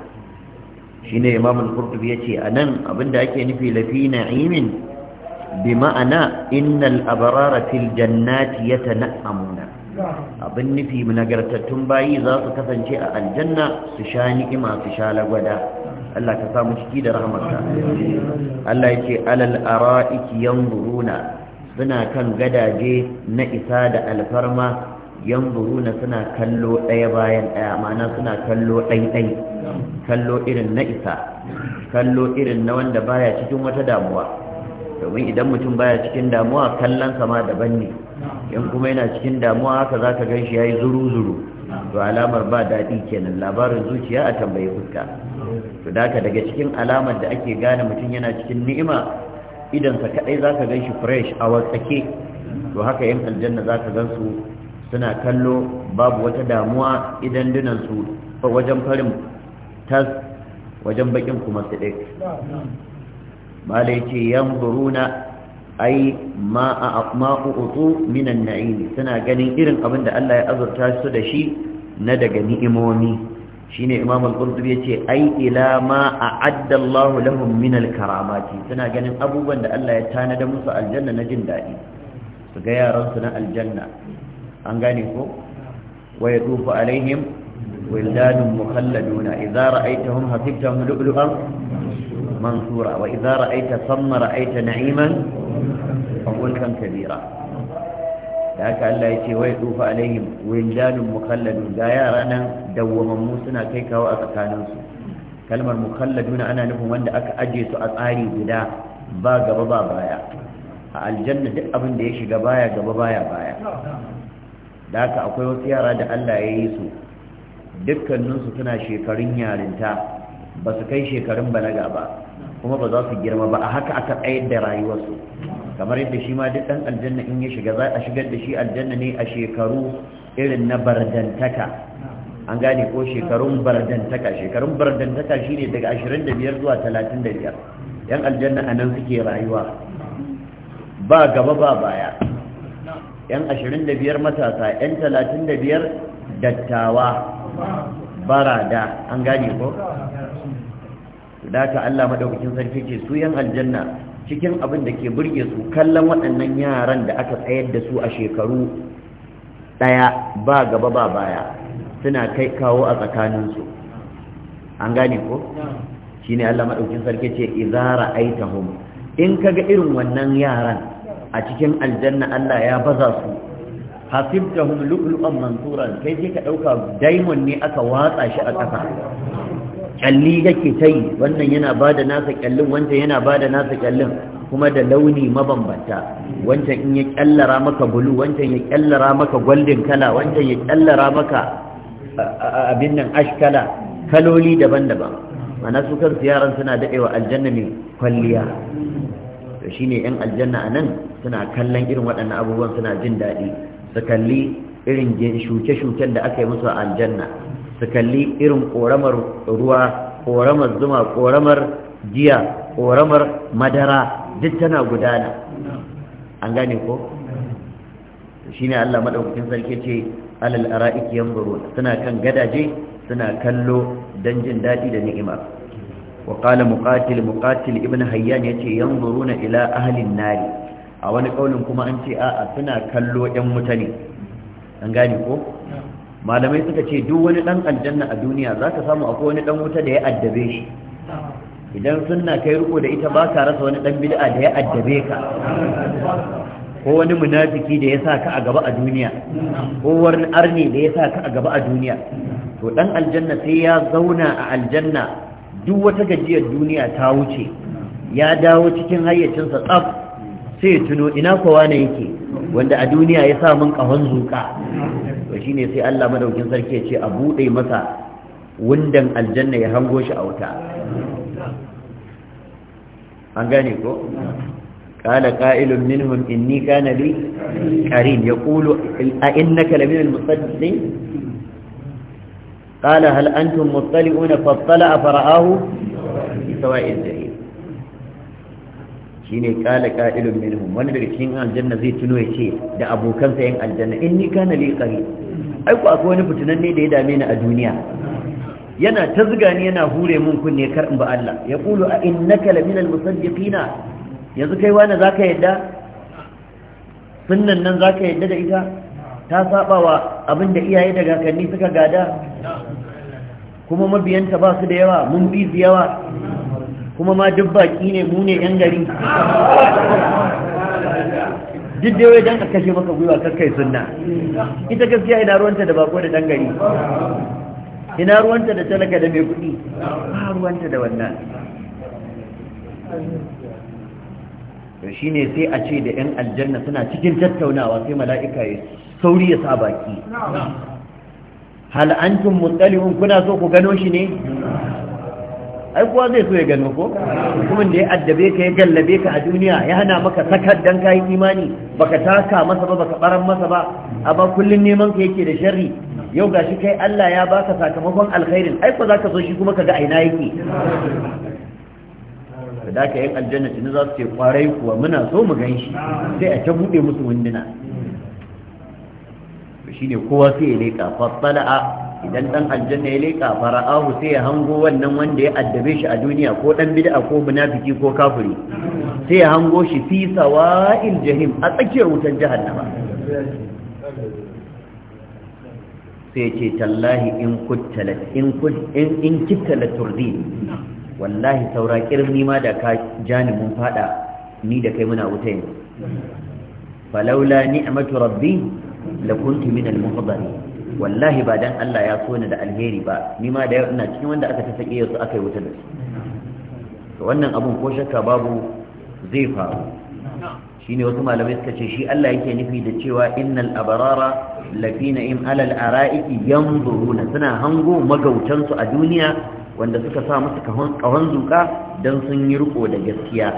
shine imam al-qurtubi a anan abinda ake nufi lafi na'imin bi ma'ana innal abrara fil jannati yatana'amuna abin nufi nagartattun bayi za su kasance a aljanna su sha ni'ima su sha lagwada Allah ka samu ciki da rahmarka Allah yace alal ara'iki yanzuruna suna kan gadaje na isa da alfarma yanzuruna suna kallo ɗaya bayan ɗaya ma'ana suna kallo ɗaiɗai kallo irin na isa kallo irin na wanda baya cikin wata damuwa domin idan mutum baya cikin damuwa kallon sama daban ne in kuma yana cikin damuwa haka za ka gan shi ya yi zuru-zuru to alamar ba daɗi kenan labarin zuciya a tambayi fuska to daga daga cikin alamar da ake gane mutum yana cikin ni'ima sa kaɗai za ka gan shi fresh a wasake to haka yan aljanna za ka gansu. suna kallo babu wata damuwa idan dunansu wajen farin tas wajen bakin kuma su ɗin malai yan buruna ai ma'u'utu minan na'imi suna ganin irin abin da Allah ya azurta su da shi na daga ni'imomi shine imam al-qurtubi yace ai ila ma a'adda Allah lahum min al-karamati suna ganin abubuwan da Allah ya tanada musu aljanna na jin dadi su ga yaran su na aljanna an gane ko wa yatufu alaihim wildanun mukhalladuna idza ra'aytahum hasibtahum lu'lu'an mansura wa idza ra'ayta thamma ra'ayta na'iman wa mulkan kabira da haka Allah ya ce wa yatufu alaihim wildanun mukhalladun ga yara nan dawwamammu suna kai kawo a tsakaninsu kalmar mukhalladuna ana nufin wanda aka aje su a tsari guda ba gaba ba baya a aljanna duk abin da ya shiga baya gaba baya baya da haka akwai wasu yara da Allah ya yi su dukkaninsu suna shekarun yarinta ba su kai shekarun balaga ba kuma ba za su girma ba a haka aka tsayar da rayuwarsu kamar yadda shi ma duk ɗan aljanna in ya shiga za a shigar da shi aljanna ne a shekaru irin na bardantaka an gane ko shekarun bardantaka shekarun bardantaka ne daga 25 zuwa 35 yan aljanna a nan suke rayuwa ba gaba ba baya 'yan ashirin da biyar matasa 'yan talatin da biyar dattawa barada an gane ko da ta Allah madaukakin sarki ce su 'yan aljanna cikin abin da ke burge su kallon waɗannan yaran da aka tsayar da su a shekaru ɗaya ba gaba ba baya suna kai kawo a tsakaninsu an gane ko shine Allah madaukakin sarki ce idza ra'aitahum in kaga irin wannan yaran a cikin aljanna Allah ya baza su hasibtahum lu'lu'an mansuran kai sai ka dauka diamond ne aka watsa shi a ƙasa kalli yake ta wannan yana ba da nasa kyallin wancan yana ba da nasa kyallin kuma da launi mabambanta wancan in ya kyallara maka bulu wancan ya kyallara maka golden kala wancan ya kyallara maka abin nan ash kala kaloli daban-daban mana su kansu yaran suna daɗewa aljanna mai kwalliya to shine yan aljanna a nan suna kallon irin waɗannan abubuwan suna jin daɗi su kalli irin shuke-shuken da aka yi musu a aljanna su kalli irin ƙoramar ruwa ƙoramar zuma ƙoramar giya ƙoramar madara duk tana gudana an gane ko shi ne allah maɗaukakin sarki ce alal ara'iki yan suna kan gadaje suna kallo don jin daɗi da ni'ima وقال مقاتل مقاتل ابن هيان يتي ينظرون إلى أهل النار An gane كما Malamai suka ce, duk wani dan aljanna a duniya دون لن الجنة الدنيا ذات سامو أقول لن متدي أدبيش idan suna kai riko da ita ba ka rasa wani dan bid'a da ya addabe ka ko wani munafiki da ya sa ka a gaba a duniya ko wani arni da ya sa ka a gaba a duniya to dan aljanna sai ya zauna a aljanna duk wata gajiyar duniya ta wuce ya dawo cikin hayyacinsa tsaf sai tuno ina kowa ne yake wanda a duniya ya sa min kahon zuka to shine sai Allah madaukin sarki ya ce a bude masa wundan aljanna ya hango shi a wuta an gane ko قال قائل منهم إني كان لي قرين يقول أئنك لمن المصدقين قال هل أنتم مطلعون فاطلع فرآه سواء الجحيم شيني قال qa'ilun منهم wani شين عن aljanna zai تنوي ya ce da abokansa yan aljanna inni kana li qari ai أكو akwai wani fitinan ne da ya dame ni a duniya yana ta zuga ni yana hure mun kunne kar in ba Allah ya kulu a innaka la minal musaddiqina yanzu kai wani zaka yadda sunnan nan zaka yadda da ita ta saba wa abinda iyaye da kakanni suka gada kuma mabiyanta ba su da yawa mun bi su yawa kuma ma duk baki ne mu ne yan gari duk da dan a kashe maka gwiwa kakkai sunna ita gaskiya ina ruwanta da bako da dan gari ina ruwanta da talaka da mai kuɗi ba ruwanta da wannan to shine sai a ce da yan aljanna suna cikin tattaunawa sai mala'ika ya sauri ya sa baki hal antum muttalihun kuna so ku gano shi ne ai kuwa zai so ya gano ko kuma da ya addabe ka ya gallabe ka a duniya ya hana maka sakar dan kayi imani baka taka masa ba baka baran masa ba amma kullun neman ka yake da sharri yau gashi kai Allah ya baka sakamakon alkhairin ai ko zaka so shi kuma kaga aina yake da ka yin aljanna tuni za su ce kwarai kuwa muna so mu gan shi sai a ta buɗe musu wunduna shine kowa sai ya leka fattala'a idan dan aljanna ya leka fara'ahu sai ya hango wannan wanda ya addabe shi a duniya ko dan bid'a ko munafiki ko kafiri sai ya hango shi fi sawa'il jahim a tsakiyar wutar jahannama sai ce tallahi in kuttala in in in kittala wallahi saura kirmi ma da ka jani mun fada ni da kai muna wuta yanzu falaula ni'matu rabbi la min al wallahi ba dan Allah ya so ni da alheri ba ni ma da yau ina cikin wanda aka tafi sake yau aka yi wuta da su wannan abun ko shakka babu zai faru shine wasu malamai suka ce shi Allah yake nufi da cewa innal abarara lafina na'im alal ara'iki yanzuruna suna hango magautan su a duniya wanda suka sa musu kahon zuka dan sun yi riko da gaskiya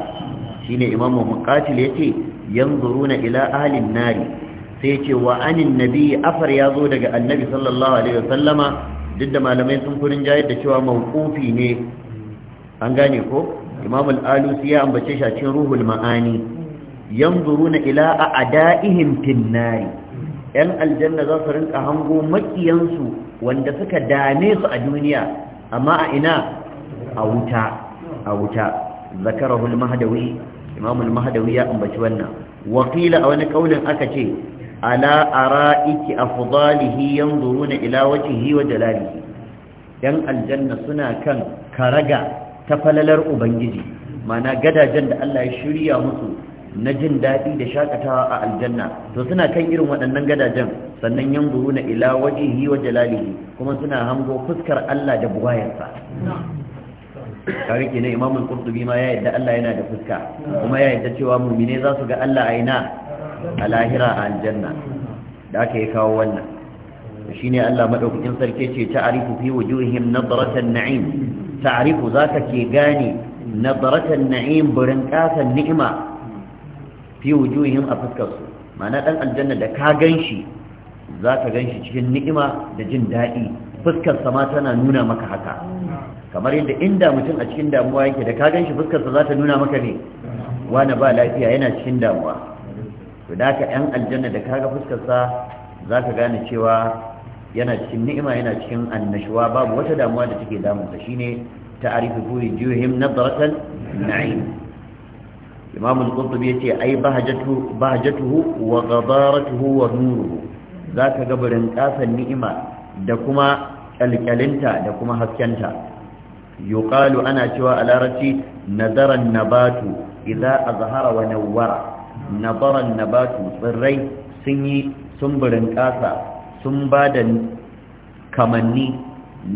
shine imamu muqatil yace yanzuruna ila ahlin nari sai ce wa anin nabi afar ya zo daga annabi sallallahu alaihi wasallama duk da malamai sun furin jayar da cewa mawqufi ne an gane ko imam al-alusi ya ambace shi a cikin ruhul ma'ani yanzuruna ila a'da'ihim fin yan aljanna za su rinka hango makiyansu wanda suka dame su a duniya amma a ina a wuta a wuta zakarahu mahdawi imam al-mahdawi ya ambaci wannan wa qila a wani kaulin aka ce ala ara'iki afdalihi yanzuruna ila wajhihi wa jalalihi yan aljanna suna kan karaga ta falalar ubangiji mana gadajen da Allah ya shirya musu na jin daɗi da shakatawa a aljanna to suna kan irin waɗannan gadajen sannan yanzuruna ila wajhihi wa jalalihi kuma suna hango fuskar Allah da buwayarsa kare kenan imamul qurtubi ma ya yadda Allah yana da fuska kuma ya yadda cewa mu'mine za su ga Allah a ina a lahira a aljanna da aka yi kawo wannan shi ne Allah maɗaukakin sarki ce ta'arifu fi wujuhim nadratan na'im ta'arifu za ka ke gane nadratan na'im burin ƙasan ni'ima fi wujuhim a fuskarsu ma'ana ɗan aljanna da ka gan shi za ka gan shi cikin ni'ima da jin daɗi fuskarsa ma tana nuna maka haka kamar yadda inda mutum a cikin damuwa yake da ka gan shi fuskarsa za ta nuna maka ne wani ba lafiya yana cikin damuwa to da ka yan aljanna da kaga fuskar sa ka gane cewa yana cikin ni'ima yana cikin annashuwa babu wata damuwa da take damun sa shine ta'rifu fi wujuhihim nadratan na'im imam al-qurtubi yace ai bahajatu bahajatuhu wa ghadaratuhu wa nuruhu zaka ga barin kasan ni'ima da kuma kalkalinta da kuma haskenta yuqalu ana cewa a larabci nadaran nabatu idza azhara wa nawwara nabaran nabatu tsirrai sun yi sumburin ƙasa sun ba da kamanni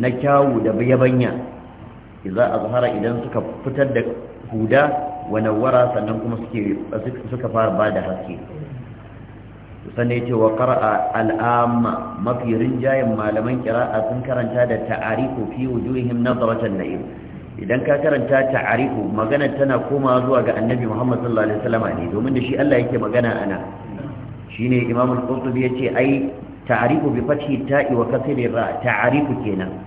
na kyawu da yabanya za a zahara idan suka fitar da huda wa wara sannan kuma suka fara ba da haske sannan ce wa a al'amma mafi rinjayen malaman qira'a sun karanta da ta'arifu fi wujuhihim da na'im idan ka karanta ta'arifu magana tana komawa zuwa ga annabi Muhammad sallallahu alaihi wasallam ne domin da shi Allah yake magana ana shine Imam al-Qurtubi yace ai ta'arifu bi fathi ta'i wa kasri ra ta'arifu kenan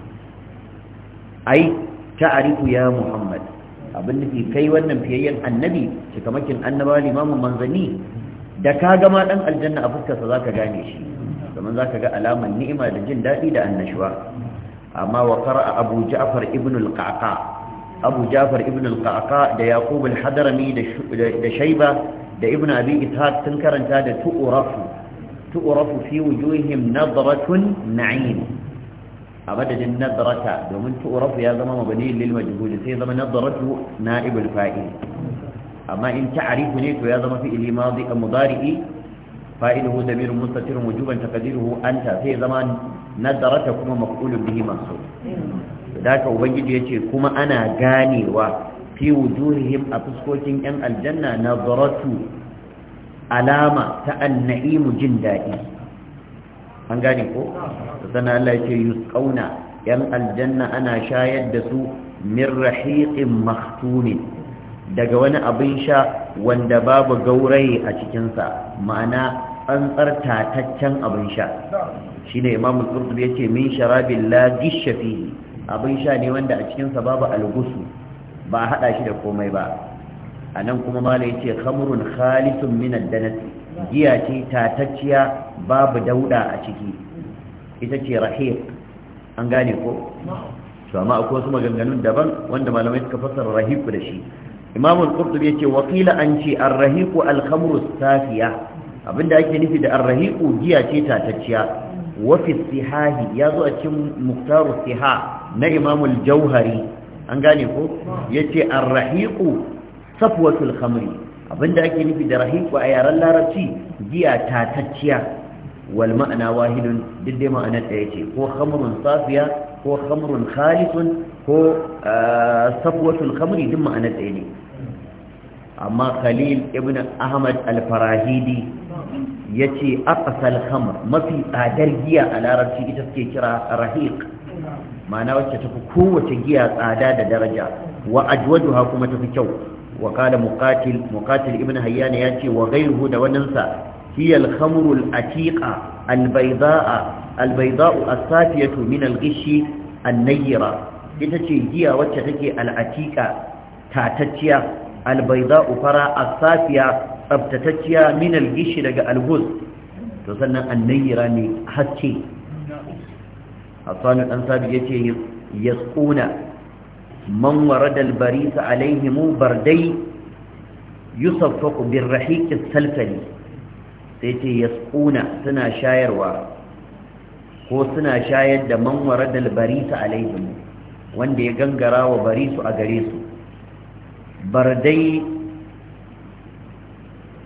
ai ta'arifu ya Muhammad abin da kai wannan fiyayyen annabi cikamakin annabawa limamin manzani da ka gama dan aljanna a fuskarsa zaka gane shi domin zaka ga alaman ni'ima da jin dadi da annashuwa amma wa qara'a Abu Ja'far ibn al-Qa'qa' abu jafar ibn al-qaqa da yaqub al-hadrami da shaiba da ibn abi ishaq sun karanta da tu'rafu tu'rafu fi wujuhihim nadratun na'im a madadin nadrata domin tu'rafu ya zama mabani lil majhul sai zama nadratu na'ib al-fa'il amma in ta'rifu ne to ya zama fi fi'li madi mudari'i fa'iluhu damir mustatir wujuban taqdiruhu anta sai zama nadrata kuma maf'ulun bihi mansub daga ubangiji yace kuma ana ganewa fi wujuhihim a fuskokin yan aljanna na baratu alama ta annaimu jin daɗi an gane ko sana Allah yace yan aljanna ana shayar da su min rahiqin mahtumin daga wani abin sha wanda babu gauraye a cikinsa ma'ana tsantsar tataccen abin sha shi ne imamul ya ce min sharabin la gisha abin sha ne wanda a cikinsa babu algusu ba a haɗa shi da komai ba a nan kuma mala ya ce khamrun khalisun min danas giya ce tatacciya babu dauda a ciki ita ce rahiq an gane ko to amma akwai wasu maganganun daban wanda malamai suka fassara rahiku da shi imam al-qurtubi yace wa an ce ar rahiku al-khamru safiya abinda ake nufi da ar rahiku giya ce tatacciya wafi sihahi ya zo a cikin muktaru siha na imamul jauhari an gane ko ya ce arrahiku safwatul khamri abinda ake nufi da rahiku a yaren larabci giya tatacciya wal ma'ana wahidun duk dai ma'ana ɗaya ce ko khamrun safiya ko khamrun khalisun ko safwatul khamri duk ma'ana ɗaya ne amma khalil ibn ahmad al-farahidi ya ce aqsal khamr mafi tsadar giya a larabci ita suke kira rahiq ma'ana wacce tafi kowace giya tsada da daraja wa ajwajuha kuma tafi kyau wa qala muqatil muqatil ibn hayyan ya ce wa ghayruhu da wannan sa hiya al khamru al atiqa al baydaa al baydaa'u as safiyatu min al ghishi an nayyira ita ce giya wacce take al atiqa tatacciya al baydaa'u fara as safiya tsabtatacciya min algishi daga algus to sannan annayira ne haske hasanu dan sabi yace yasquna man warada albaris alaihim bardai yusaffaqu birrahiq salfali sai ce yasquna suna shayarwa ko suna shayar da man warada su alaihimu wanda ya gangara wa barisu a gare su bardai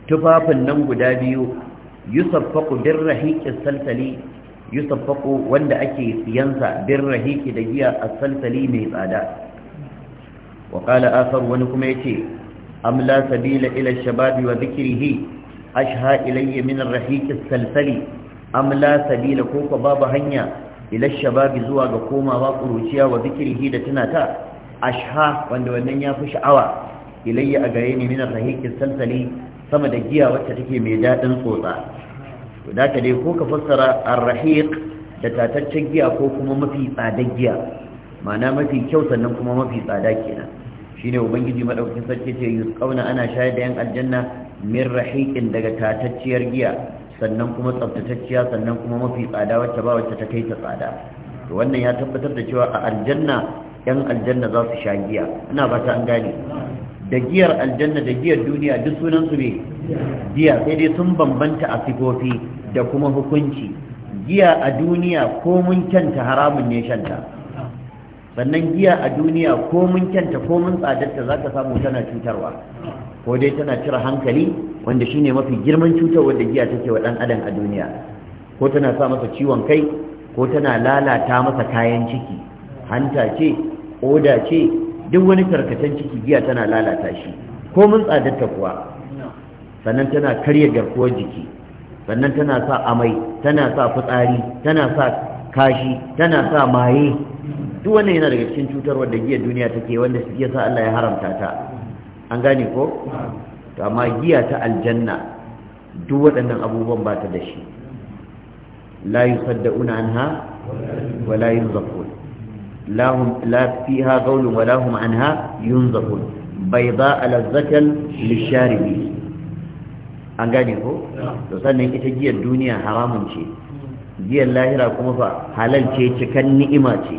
tufafin nan guda biyu yusaffaku bin rahiqi salsali yusaffaku wanda ake siyansa bin rahiki da giya a salsali mai tsada wa qala wani kuma yace ce, la sabila ila shababi wa dhikrihi ashha ilayya min ar salsali sabila ko babu hanya ila shababi zuwa ga komawa kuruciya wa dhikrihi da tunata ashha wanda wannan ya fi sha'awa ilayya a gare ni min ar salsali sama da giya wacce take mai daɗin tsotsa to da ka dai ko ka fassara al-rahiq da tataccen giya ko kuma mafi tsada giya ma'ana mafi kyau sannan kuma mafi tsada kenan shine ubangiji madaukakin sarki ce yusqauna ana shayar da yan aljanna min rahiqin daga tatacciyar giya sannan kuma tsaftatacciya sannan kuma mafi tsada wacce ba wacce ta kai ta tsada to wannan ya tabbatar da cewa a aljanna yan aljanna za su sha giya ina ba ta an gane da giyar aljanna da giyar duniya duk sunansu su ne giya sai dai sun bambanta a sifofi da kuma hukunci giya a duniya ko mun kyanta haramun ne shanta sannan giya a duniya ko mun kyanta ko mun tsadarta za ka samu tana cutarwa ko dai tana cire hankali wanda shine mafi girman cutar da giya take wa ɗan adam a duniya ko tana sa masa ciwon kai ko tana lalata masa kayan ciki hanta ce ƙoda ce duk wani karkatan ciki giya tana lalata shi ko mun ta kuwa sannan tana karya garkuwar jiki sannan tana sa amai tana sa fitsari tana sa kashi tana sa maye duk wannan yana daga cikin cutar wanda giya duniya take wanda giya sa Allah ya haramta ta an gane ko to amma giya ta aljanna duk waɗannan abubuwan ba ta da shi la yusaddauna anha wa la yunzafun lahum la fiha qawlun wa lahum anha yunzafun bayda alazzatan an gane ko to sannan ita giyar duniya haramun ce giyar lahira kuma fa halal ce cikan ni'ima ce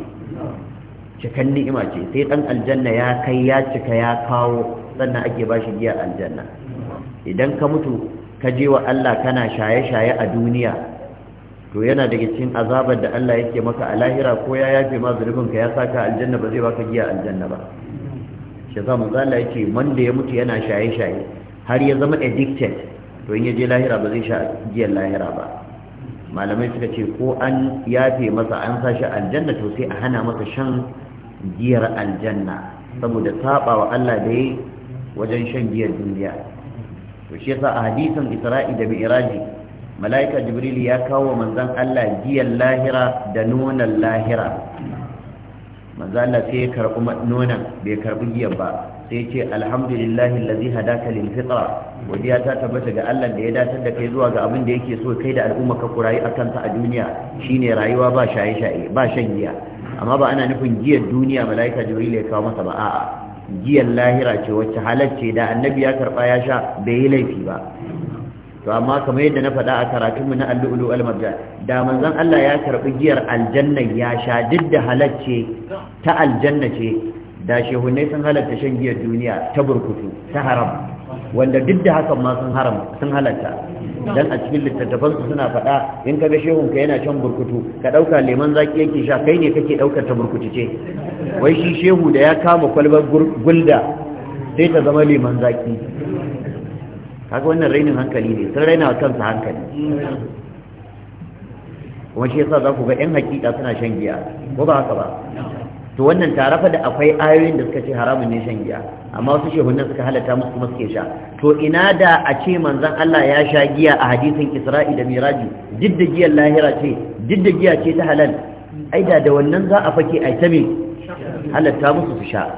cikan ni'ima ce sai dan aljanna ya kai ya cika ya kawo sannan ake bashi giyar aljanna idan ka mutu ka je wa Allah kana shaye-shaye a duniya to yana daga cikin azabar da Allah yake maka a lahira ko ya yafe ma zulubin ka ya saka aljanna ba zai baka giya aljanna ba shi za mu yake wanda ya mutu yana shaye shaye har ya zama addicted to in ya je lahira ba zai sha giyar lahira ba malamai suka ce ko an yafe masa an sa shi aljanna to sai a hana masa shan giyar aljanna saboda saba wa Allah da yayi wajen shan giyar duniya to shi yasa a hadisin Isra'i da Mi'raji mala'ika jibril ya kawo manzan Allah giyan lahira da nonan lahira manzan Allah sai ya karɓi nonan bai karɓi giyan ba sai ce alhamdulillahi allazi hadaka lil fitra godiya ta tabbata ga Allah da ya datar da kai zuwa ga abin da yake so kai da al'umma ka kurayi akan ta a duniya shine rayuwa ba shaye shaye ba shan giya amma ba ana nufin giyar duniya mala'ika jibril ya kawo masa ba a'a giyar lahira ce wacce halacce da annabi ya karɓa ya sha bai yi laifi ba to amma kamar yadda na faɗa a karatunmu na allu'ulu almarjan da manzon Allah ya karɓi giyar aljanna ya sha duk da halacce ta aljanna ce da shehunai sun halatta shan giyar duniya ta burkutu ta haram wanda duk da hakan ma sun haram sun halatta dan a cikin littattafan su suna faɗa in ka ga shehun ka yana shan burkutu ka ɗauka leman zaki yake sha kai ne kake ɗaukar ta burkutu ce wai shi shehu da ya kama kwalbar gulda sai ta zama leman zaki kaga wannan rainin hankali ne sun raina wa kansa hankali kuma shi yasa za ku ga yan hakika suna shan giya ko ba haka ba to wannan tarafa da akwai ayoyin da suka ce haramun ne shan giya amma wasu shehunan suka halatta musu kuma suke sha to ina da a ce manzon Allah ya sha giya a hadisin Isra'i da Miraji duk da giyar lahira ce duk da giya ce ta halal ai da da wannan za a fake ai ta me halatta musu su sha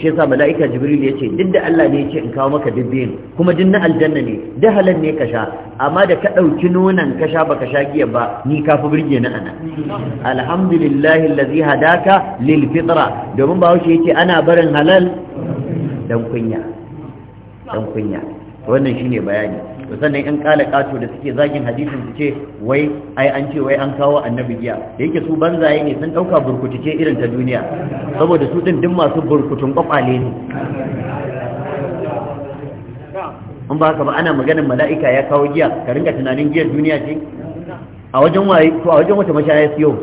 shi yasa mala'ika jibril ya ce duk da Allah ne ya ce in kawo maka dubbin kuma duk na aljanna ne da halal ne ka sha amma da ka ɗauki nonon ka sha baka sha giya ba ni ka fi birge na ana alhamdulillahi lazi hadaka lil fitra domin ba ya ce ana barin halal dan kunya dan kunya wannan shine bayani to sannan in kala kato da suke zagin hadisin su ce wai ai an ce wai an kawo annabi giya da yake su banzaye ne sun dauka burkutuke irin ta duniya saboda su din masu burkutun kwakwale ne in ba haka ba ana maganin mala'ika ya kawo giya ka ringa tunanin giyar duniya ce a wajen waye to a wajen wata mashaya siyo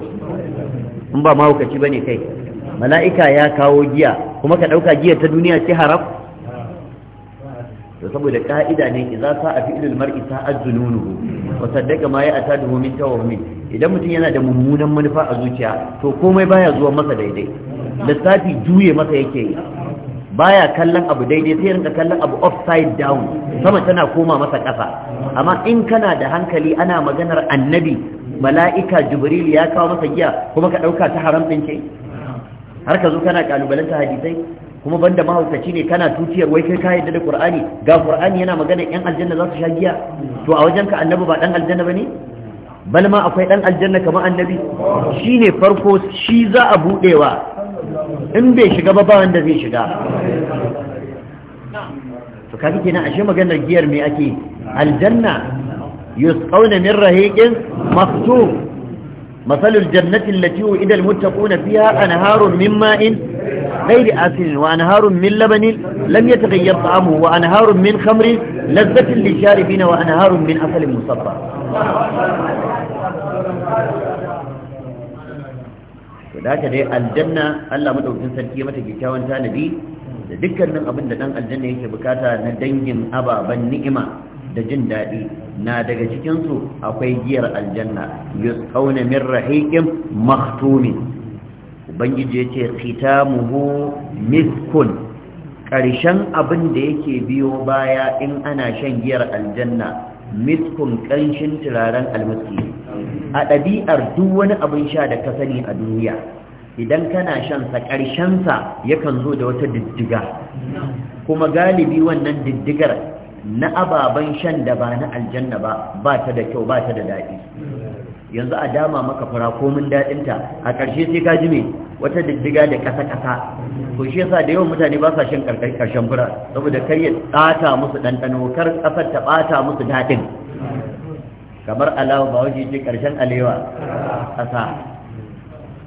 in ba mahaukaci bane kai mala'ika ya kawo giya kuma ka dauka giyar ta duniya ce haram to saboda ka'ida ne idza sa'a fi'lul mar'i sa'a zununuhu wa saddaqa ma ya'taduhu min tawahmi idan mutum yana da mummunan manufa a zuciya to komai baya zuwa masa daidai lissafi juye masa yake yi baya kallon abu daidai sai rinka kallon abu upside down sama tana koma masa ƙasa amma in kana da hankali ana maganar annabi mala'ika jibril ya kawo masa giya kuma ka ɗauka ta haram ɗin har ka zo kana ƙalubalanta hadisai kuma banda mahaukaci ne kana tuciyar wai kai ka da qur'ani ga qur'ani yana magana yan aljanna za su sha giya to a wajen ka annabi ba dan aljanna bane bal ma akwai dan aljanna kamar annabi shine farko shi za a budewa in bai shiga ba ba wanda zai shiga to kaji kenan ashe maganar giyar me ake aljanna yusqawna min rahiqin maftun مثل الجنة التي وعد المتقون فيها أنهار من ماء غير آسن وأنهار من لبن لم يتغير طعمه وأنهار من خمر لذة للشاربين وأنهار من عسل مصفى ذاك dai aljanna Allah madaukakin sarki mata kyakkyawan tanadi da dukkanin abin da dan aljanna yake bukata na dangin ababan ni'ima da jin daɗi na daga cikinsu akwai giyar aljanna yusqawna min rahiqin makhtumin ubangiji yace khitamuhu miskun karshen abin da yake biyo baya in ana shan giyar aljanna miskun kanshin turaren almiski a ɗabi'ar duk wani abin sha da ka sani a duniya idan kana shansa ƙarshensa yakan zo da wata diddiga kuma galibi wannan diddigar na ababan shan da ba na aljanna ba ba ta da kyau ba ta da daɗi yanzu a dama maka fara komin daɗinta a ƙarshe sai ka ji me wata diddiga da ƙasa-ƙasa to shi yasa da yawan mutane ba sa shan ƙarshen fura saboda kar ya tsata musu ɗanɗano kar ƙasar ta ɓata musu daɗin kamar alawa ba waje ce ƙarshen alewa ƙasa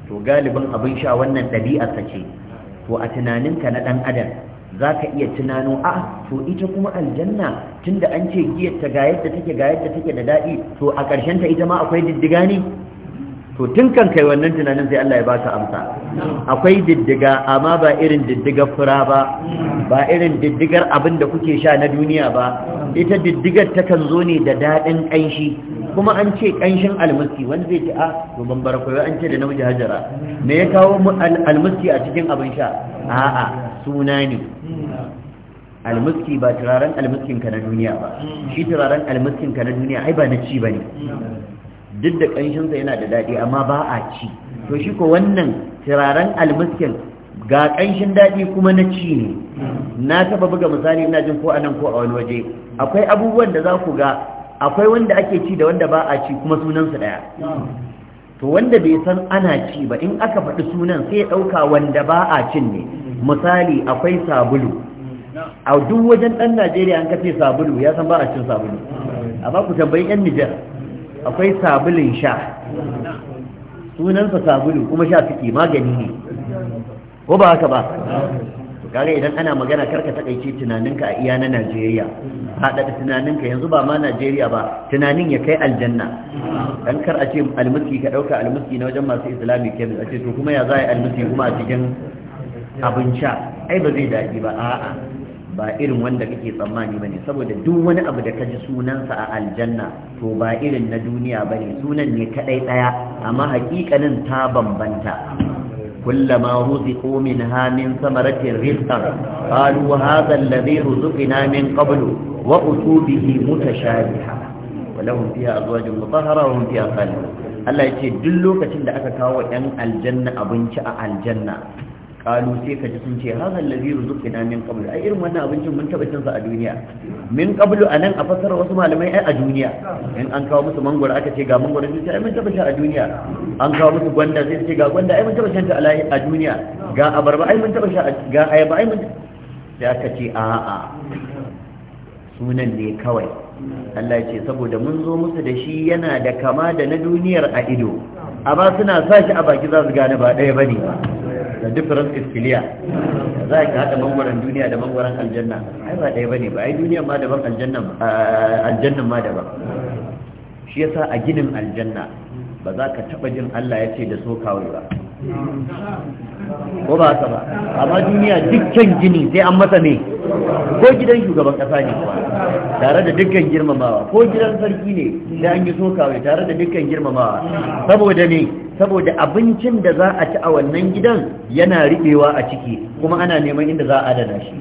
to galibin abin sha wannan ta ce to a tunaninka na ɗan adam za ka iya tunano a ah, to ita kuma aljanna tunda an ce giyarta ga yadda take ga yadda take da daɗi to a ƙarshen ta ita ma akwai diddiga ne to tun kan kai wannan tunanin sai Allah ya baka amsa akwai diddiga amma ba irin diddigar fura ba ba irin diddigar abin da kuke sha na duniya ba ita diddigar ta kan zo ne da daɗin ƙanshi kuma an ce ƙanshin almuski wanda zai ce a ah, to ban bar an ce da namiji hajara me ya kawo almuski a cikin abin sha a'a suna ne almuski ba turaren almuskin ka na duniya ba shi turaren almuskin ka na duniya ai ba na ci bane duk da sa yana da daɗi amma ba a ci to shi ko wannan turaren almuskin ga kanshin daɗi kuma na ci ne na taba buga misali ina jin ko anan ko a wani waje akwai abubuwan da za ku ga akwai wanda ake ci da wanda ba a ci kuma sunansu ɗaya to wanda bai san ana ci ba in aka faɗi sunan sai ya ɗauka wanda ba a cin ne misali akwai sabulu a duk wajen ɗan najeriya an kace sabulu ya san ba a cin sabulu amma ku tambayi yan nijar akwai sabulun sha sunansa sabulu kuma sha suke magani ne ko ba haka ba kaga idan ana magana karka takaice tunaninka a iya na Najeriya haɗaɗa tunaninka yanzu ba ma Najeriya ba tunanin ya kai aljanna dan kar a ce almuski ka ɗauka almuski na wajen masu islamic kemis a ce to kuma ya za a yi almuski kuma a cikin abin sha ai ba zai daɗi ba a'a ba irin wanda kake tsammani bane saboda duk wani abu da ka ji sunansa a aljanna to ba irin na duniya bane sunan ne kadai daya amma hakikanin ta bambanta كلما رزقوا منها من ثمرة رزقا قالوا هذا الذي رزقنا من قبل وأتوا به متشابها ولهم فيها أزواج مطهرة وهم فيها خالدون الله يقول دلوك تندأك كاوة أن الجنة أبنشأ الجنة kalu sai ka ji sun ce hadha allazi ruzuqina min qablu. ai irin wannan abincin mun taba cin sa a duniya min qablu anan a fasara wasu malamai ai a duniya in an kawo musu mangoro aka ce ga mangoro sai ai mun taba cin a duniya an kawo musu gwanda sai ce ga gwanda ai mun taba cin ta a duniya ga abarba ai mun taba sha ga ayaba ai mun sai aka ce a a sunan ne kawai Allah ce saboda mun zo musu da shi yana da kama da na duniyar a ido amma suna sa shi a baki za su gane ba ɗaya ba ne. the difference is clear za ka haɗa mangwaron duniya da mangwaron aljanna ai ba ɗaya bane ba ai duniya ma daban aljannan ma daban shi yasa a ginin aljanna ba za ka taɓa jin Allah ya ce da so kawai ba ko ba haka ba amma duniya dukkan gini sai an masa ne ko gidan shugaban kasa ne kuwa tare da dukkan girmamawa ko gidan sarki ne sai an yi so kawai tare da dukkan girmamawa saboda ne saboda abincin da za a ci a wannan gidan yana riɓewa a ciki kuma ana neman inda za a adana shi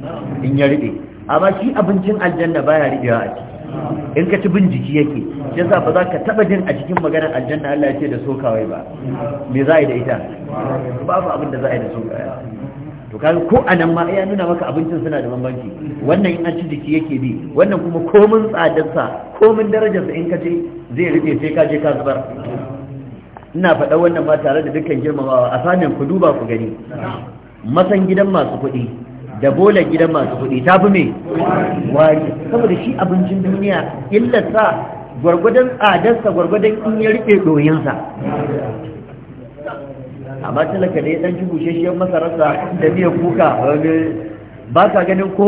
in ya riɓe amma shi abincin aljanna baya riɓewa a ciki in ka ci bin jiki yake yasa ba za ka taba jin a cikin maganar aljanna Allah ya ce da sokawai ba me za a yi da ita babu abin da za a yi da sokawai to kaga ko anan ma ya nuna maka abincin suna da bambanci wannan in an ci jiki yake bi wannan kuma komin tsadarsa komin darajarsa in ka ce zai riɓe sai ka je ka zubar ina faɗa wannan ba tare da dukkan girmamawa a samin ku duba ku gani masan gidan masu kuɗi da bola gidan masu kuɗi ta fi me wari saboda shi abincin duniya illarsa gwargwadon tsadarsa gwargwadon in ya riƙe ɗoyinsa amma talaka da ya ɗan ci bushashiyar masararsa da miya kuka ba ka ganin ko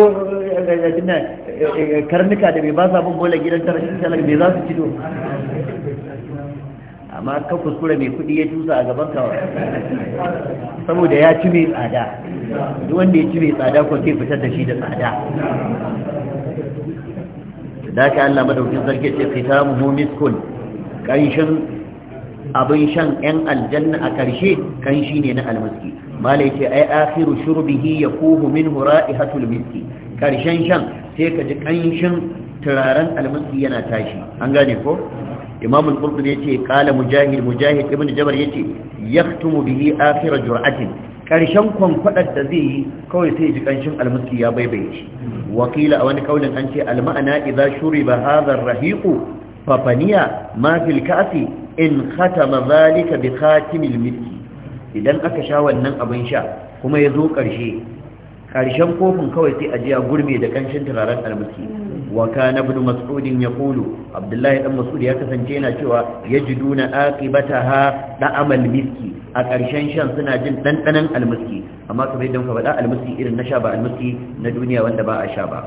eh, eh, eh, karnuka da mai ba sa bin bola gidan talaka mai za su do. amma ka kuskura mai kuɗi ya tusa a gaban ka saboda ya ci mai tsada duk wanda ya ci mai tsada ko sai fitar da shi da tsada da ka Allah madaukin sarki ce khitamuhu miskun Ƙanshin abin shan 'yan aljanna a ƙarshe ƙanshi ne na almiski malai ce ai akhiru shurbihi ya kuhu min ra'ihatul miski ƙarshen shan sai ka ji ƙanshin turaren almiski yana tashi an gane ko imam al-qurtubi yace qala mujahid mujahid ibn jabr yace yaktumu bihi akhir jur'atin karshen kwankwadar da zai yi kawai sai ji kanshin almuski ya baibaye shi wakila a wani kaulin an ce alma'ana idza shuriba hadha ar-rahiqu fafaniya ma fil ka'si in khatama dhalika bi khatimil miski idan aka sha wannan abin sha kuma ya zo karshe karshen kofin kawai sai a ji ya gurme da kanshin turaren almuski وكان ابن مسعود يقول عبد الله بن مسعود ya kasance yana cewa ya yajiduna aqibataha da amal miski a ƙarshen shan suna jin dandanan almiski amma kuma idan ka bada almiski irin na sha ba almiski na duniya wanda ba a sha ba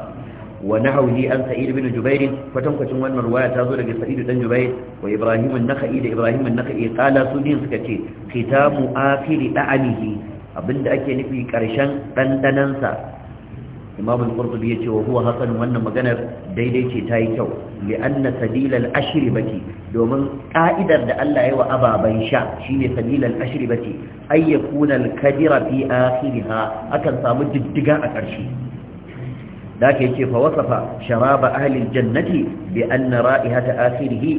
wa nahawi an sa'id ibn jubair fatan kucin wannan ruwaya ta zo daga sa'id dan jubair wa ibrahim an-nakhai da ibrahim an-nakhai qala sudin suka ce khitamu akhiri da'alihi abinda ake nufi karshen dandanansa imam al-qurtubi yace wa huwa hasan wannan maganar daidai ce ta yi kyau li anna sabil al-ashribati domin ka'idar da Allah ya wa ababan sha shine sabil al-ashribati ay yakuna al-kadira fi akhiriha akan samu diddiga a ƙarshe da ke yace fa wasafa sharaba ahli al-jannati bi anna ra'ihata akhirihi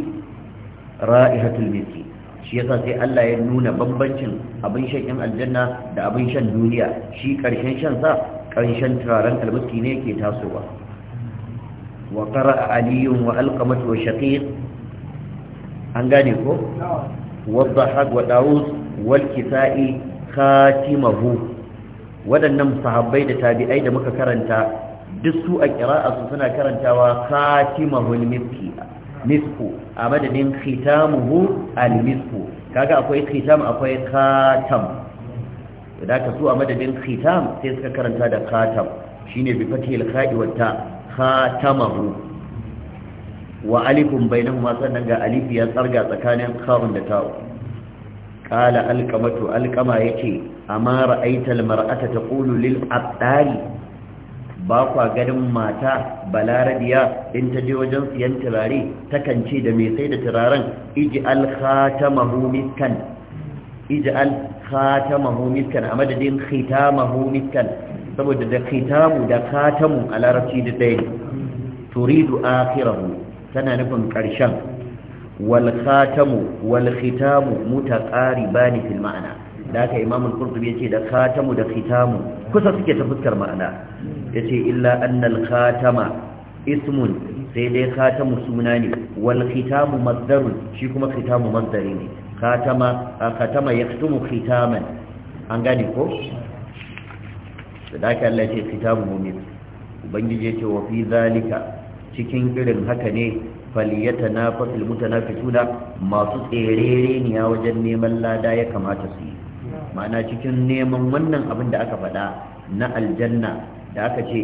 ra'ihatul miski shi yasa sai Allah ya nuna bambancin abin shan yan aljanna da abin shan duniya shi ƙarshen shan sa ƙanshen turaren almuski ne ke tasowa wa ƙara aliyun wa alƙamatu wa shaƙiƙ an gane ko wadda haɗ wa walki sa'i, kisa'i khatimahu waɗannan sahabbai da tabi'ai da muka karanta duk su a ƙira'arsu suna karantawa khatimahul mifki misku a madadin khitamuhu al misku kaga akwai khitam akwai katam. da ka su a madadin khitam sai suka karanta da khatam shine bi fatihil kha'i wa ta khatamahu wa alifun bainahuma sannan ga alif ya tsarga tsakanin kha'un da ta'u qala alqamatu alqama yake amma ra'aita almar'ata taqulu lil abdari ba kwa ganin mata balarabiya in ta je wajen siyan turare takan ce da mai sai da turaren iji alkhatamahu miskan iji al khatamahu miskan a madadin khitamahu miskan saboda da khitamu da khatamu a larabci da ɗaya turidu akhirahu tana nufin ƙarshen wal khatamu wal khitamu mutaqaribani fil ma'ana da haka imam al yace da khatamu da khitamu kusa suke ta fuskar ma'ana yace illa annal khatama ismun sai dai khatamu suna ne wal khitamu masdarun shi kuma khitamu masdari ne katama katama yaktumu khitaman an gane ko sadaka Allah ce kitabu mumin ubangiji ya ce wa fi zalika cikin irin haka ne falyatanafasul mutanafisuna masu tserere ne a wajen neman lada ya kamata su yi ma'ana cikin neman wannan abin da aka faɗa na aljanna da aka ce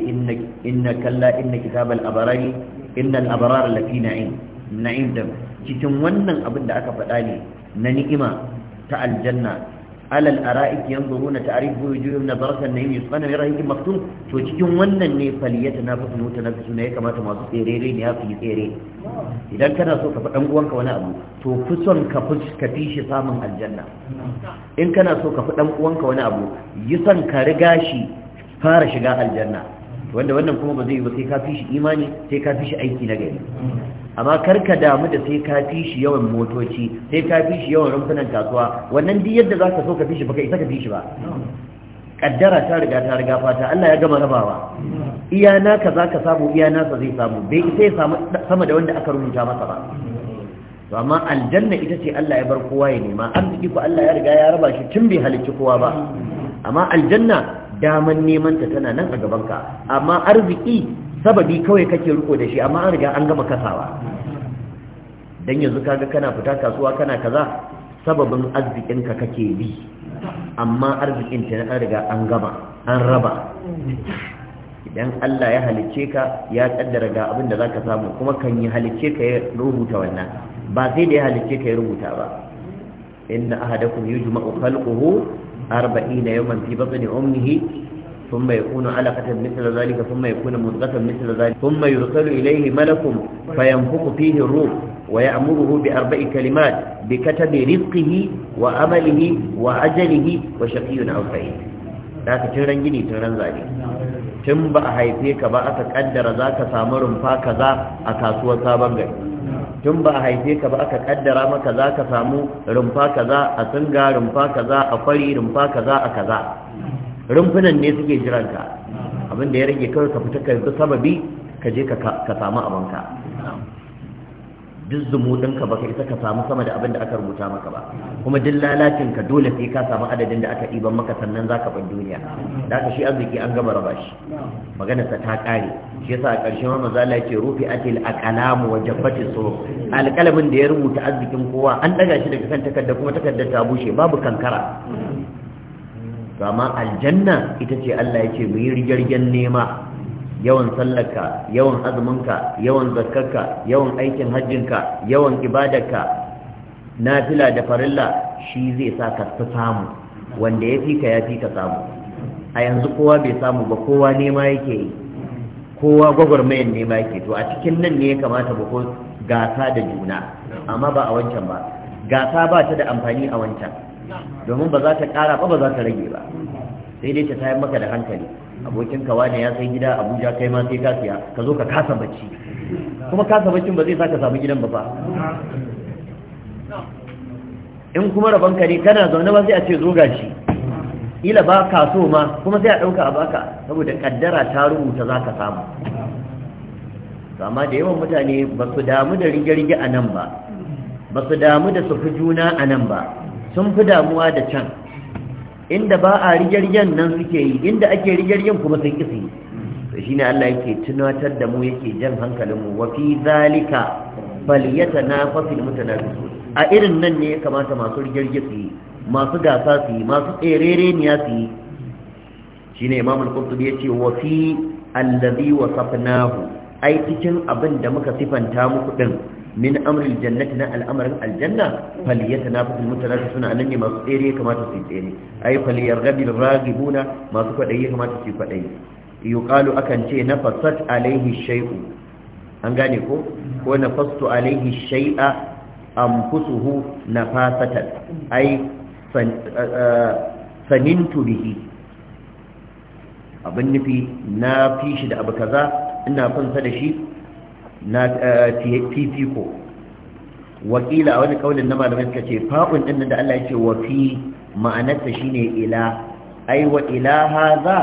inna kalla inna kitabal abarari inna al-abarar lafi na'im na'im da cikin wannan abin da aka faɗa ne na ni'ima ta aljanna alal ara'ik na ta'rifu wujuhum nazarat an-nayyim min rahiqin maktum to cikin wannan ne faliyata na fasu nuta na fasu ne ya kamata masu tsere ne ya fi tsere idan kana so ka faɗan uwanka wani abu to fi son ka ka fi shi samun aljanna in kana so ka faɗan uwanka wani abu yi son ka riga shi fara shiga aljanna wanda wannan kuma ba zai yi ba sai ka fi shi imani sai ka fi shi aiki na gari amma kar ka damu da sai ka fi shi yawan motoci sai ka fi shi yawan rumfunan kasuwa wannan duk yadda za ka so ka fi shi ba ka isa ka fi shi ba kaddara ta riga ta riga fata Allah ya gama rabawa iya naka za ka samu iya nasa zai samu bai ita ya samu sama da wanda aka rubuta masa ba to amma aljanna ita ce Allah ya bar kowa ya nema arziki ko Allah ya riga ya raba shi tun bai halicci kowa ba amma aljanna daman neman ta tana nan a gaban ka amma arziki sababi kawai kake riko da shi amma an riga an gama kasawa dan yanzu kaga kana fita kasuwa kana kaza sababin arzikin ka kake bi amma arzikin ta an riga an gama an raba idan Allah ya halicce ka ya kaddara ga abin da zaka samu kuma kan yi halicce ka ya rubuta wannan ba sai da ya halicce ka ya rubuta ba inna ahadakum yujma'u khalquhu 40 yawman fi batni ummihi ثم يكون علقة مثل ذلك ثم يكون مضغة مثل ذلك ثم يرسل إليه ملك فينفق فيه الروح ويأمره بأربع كلمات بكتب رزقه وأمله وأجله وشقي أو سعيد ذاك تنرن جني تنرن ذلك tun ba a haife ka ba aka ƙaddara za ka samu rumfa kaza a kasuwar sabon tun ba a haife ka ba aka kaddara maka za ka samu rumfa kaza a singa rumfa kaza a kwari rumfa kaza a kaza rumfunan ne suke jiranka abin da ya rage kawai ka fita ka bi sababi ka je ka samu abinka duk zumuɗinka baka isa ka samu sama da abin da aka rubuta maka ba kuma duk lalacinka dole sai ka samu adadin da aka ɗiban maka sannan za ka ban duniya da aka shi arziki an gama raba shi maganarsa ta ƙare shi yasa a ƙarshen wani mazala ya ce rufi a alƙalamu wa jabbati so alƙalamin da ya rubuta arzikin kowa an ɗaga shi daga kan takarda kuma takarda ta bushe babu kankara to amma aljanna ita ce Allah ya ce mu yi rigirgen nema yawan sallarka yawan azuminka yawan zakkarka yawan aikin hajjinka yawan ibadarka nafila da farilla shi zai sa ka samu wanda ya fi ka ya fi ka samu a yanzu kowa bai samu ba kowa nema yake yi kowa gwagwarmayan nema yake to a cikin nan ne ya kamata ba ko gasa da juna amma ba a wancan ba gasa ba ta da amfani a wancan domin ba za ta ƙara ba ba za ta rage ba sai dai ta tayar maka da hankali abokin ka wani ya sai gida abuja kai ma sai ka siya ka zo ka kasa bacci kuma kasa baccin ba zai sa ka samu gidan ba fa in kuma rabon ka ne kana zaune ba sai a ce zo gashi ila ba ka so ma kuma sai a ɗauka a baka saboda kaddara ta rubuta za ka samu amma da yawan mutane ba su damu da rige-rige a nan ba ba su damu da su fi juna a nan ba sun fi damuwa da can inda ba a rigaryen nan suke yi inda ake rigaryen kuma sun kisi yi to shine Allah yake tunatar da mu yake jan hankalin mu wa fi zalika falyatanafasul mutanafisun a irin nan ne ya kamata masu rigarye su yi masu gasa su yi masu ya su yi shine Imam al-Qurtubi yace wa fi allazi wasafnahu ai cikin abin da muka sifanta muku din min amril jannati na al'amarin aljanna fal falyatanafasu suna nan ne masu tsere kamata su tsere ay falyarghabil raghibuna masu kwadayi kamata su kwadayi yuqalu akan ce nafasat alaihi shay'u an gane ko ko nafastu alaihi shay'a anfusuhu nafasatan ay sanintu bihi abin nufi na fi shi da abu kaza ina fansa da shi na eh, fifiko wakila a wani kaulin na malamai suka ce fa'un din da Allah ya ce wa fi ma'anarta shine ila ai wa ila hadha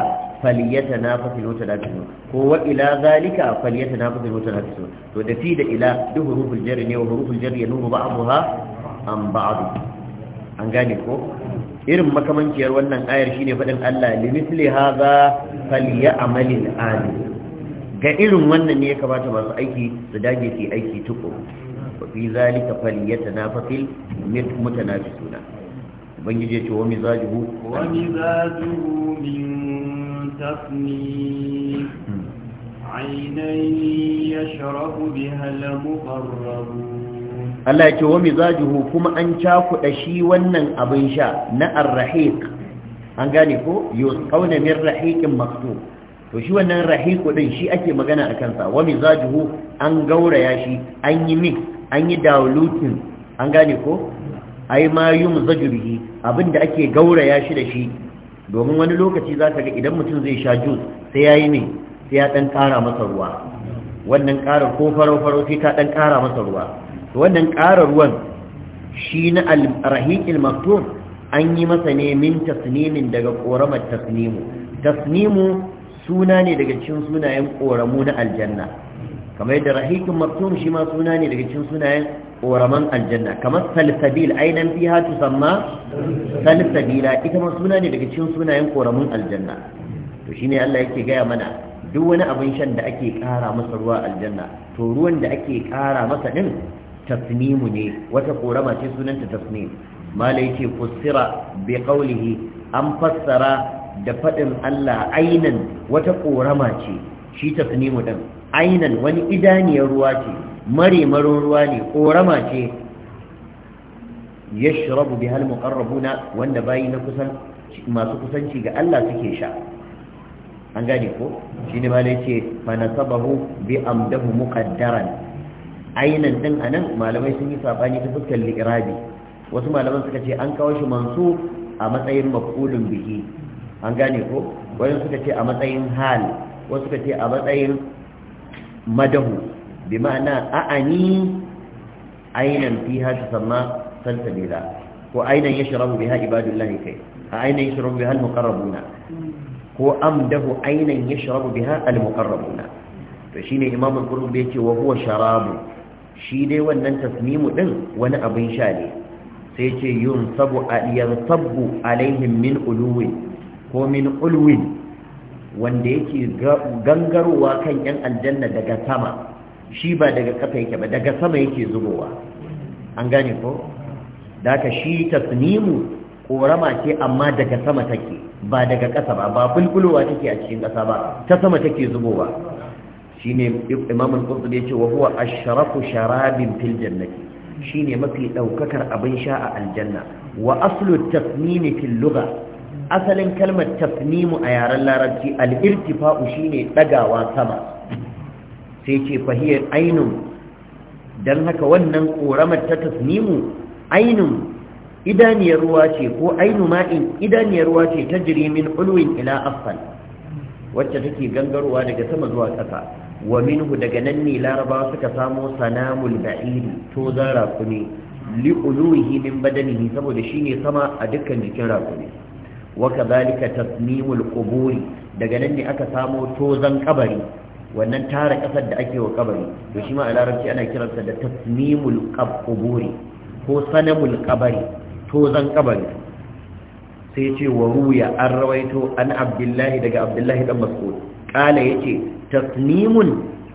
falyatanafasul mutanafisun ko wa ila zalika falyatanafasul mutanafisun to da fi da ila duk huruful jar ne wa huruful jar yanumu ba'daha an ba'd an gane ko irin makamanciyar wannan ayar shine fadin Allah limithli hadha amalin alim ga irin wannan ne ya kamata masu aiki su dage su aiki tukuru Ba fi zalika falyatanafasil mutanafisuna ubangiji ya ce wa mizajuhu wa mizajuhu min tasnif عينا bi بها المقربون Allah ce wa mizajuhu kuma an cakuɗa shi wannan abin sha na arrahiq an gane ko yusqawna min rahiqin maktub to shi wannan rahi din shi ake magana a kansa wa mizajuhu an gauraya shi an yi mix an yi diluting an gane ko ai ma yumzaju bihi abinda ake gauraya shi da shi domin wani lokaci za ka ga idan mutum zai sha jus sai ya yi ne sai ya ɗan ƙara masa ruwa wannan ƙarar ko farau-farau sai ta ɗan ƙara masa ruwa wannan ƙarar ruwan shi na rahiƙil maktum an yi masa ne min tasnimin daga ƙoramar tasnimu tasnimu suna ne daga cikin sunayen ƙoramu na aljanna kamar yadda rahikin maktum shi ma suna ne daga cikin sunayen ƙoraman aljanna kamar salsabil ainihin fi hatu samma salsabila ita ma suna ne daga cikin sunayen ƙoramun aljanna to shine Allah yake gaya mana duk wani abin shan da ake ƙara masa ruwa aljanna to ruwan da ake ƙara masa ɗin tasnimu ne wata ƙorama ce sunanta tasnim mala yake fassara bi qawlihi an fassara da faɗin Allah ainan wata ƙorama ce shi ta tasnimu ɗin ainan wani idaniyar ruwa ce mare maron ruwa ne ƙorama ce ya shirabu bi halin ƙarrabuna, wanda bayi na kusan masu kusanci ga Allah suke sha an gane ko shi ne malai ce fanasabahu bi amdahu muqaddaran ainan din anan malamai sun yi sabani ta fuskar li'irabi wasu malaman suka ce an kawo shi mansu a matsayin maf'ulun biki. an gane ko wani suka ce a matsayin hal wasu suka ce a matsayin madahu bi ma'ana a'ani ainan fiha tusamma salsabila ko ainan yashrabu biha ibadullahi kai a ainan yashrabu biha al-muqarrabuna ko amdahu ainan yashrabu biha al-muqarrabuna to shi shine imam al-qurtubi ce wa huwa sharabu shi dai wannan tasmimu din wani abin sha ne sai ce a yunsabu yansabu alaihim min uluwi ko min ulwin wanda yake gangarowa kan yan aljanna daga sama shi ba daga kafa yake ba daga sama yake zubowa an gane ko da ka shi tasnimu korama ce amma daga sama take ba daga ƙasa ba ba bulbulowa take a cikin ƙasa ba ta sama take zubowa shine imam da ya ce wa huwa sharafu sharabin fil jannati shine mafi ɗaukakar abin sha a aljanna wa aslu tasnimi fil lugha asalin kalmar tafnimu a yaren larabci al'irtifa'u shine ɗagawa sama sai ce fahiyar ainun don haka wannan ƙoramar ta tafnimu ainun idaniyar ruwa ce ko ainu ma'in idaniyar ruwa ce ta jirimin ulwin ila afal wacce take gangarowa daga sama zuwa ƙasa wa minhu daga nan ne larabawa suka samo sanamul ba'iri to zan rakumi li'uluhi min badanihi saboda shine sama a dukkan jikin rakumi wa kadhalika tasmimul quburi daga nan ne aka samo tozan kabari wannan tara kasar da ake wa kabari to shi ma a larabci ana kiransa da tasmimul quburi ko sanamul kabari tozan kabari sai ce wa ruya an rawaito an abdullahi daga abdullahi dan mas'ud kala yace tasnimun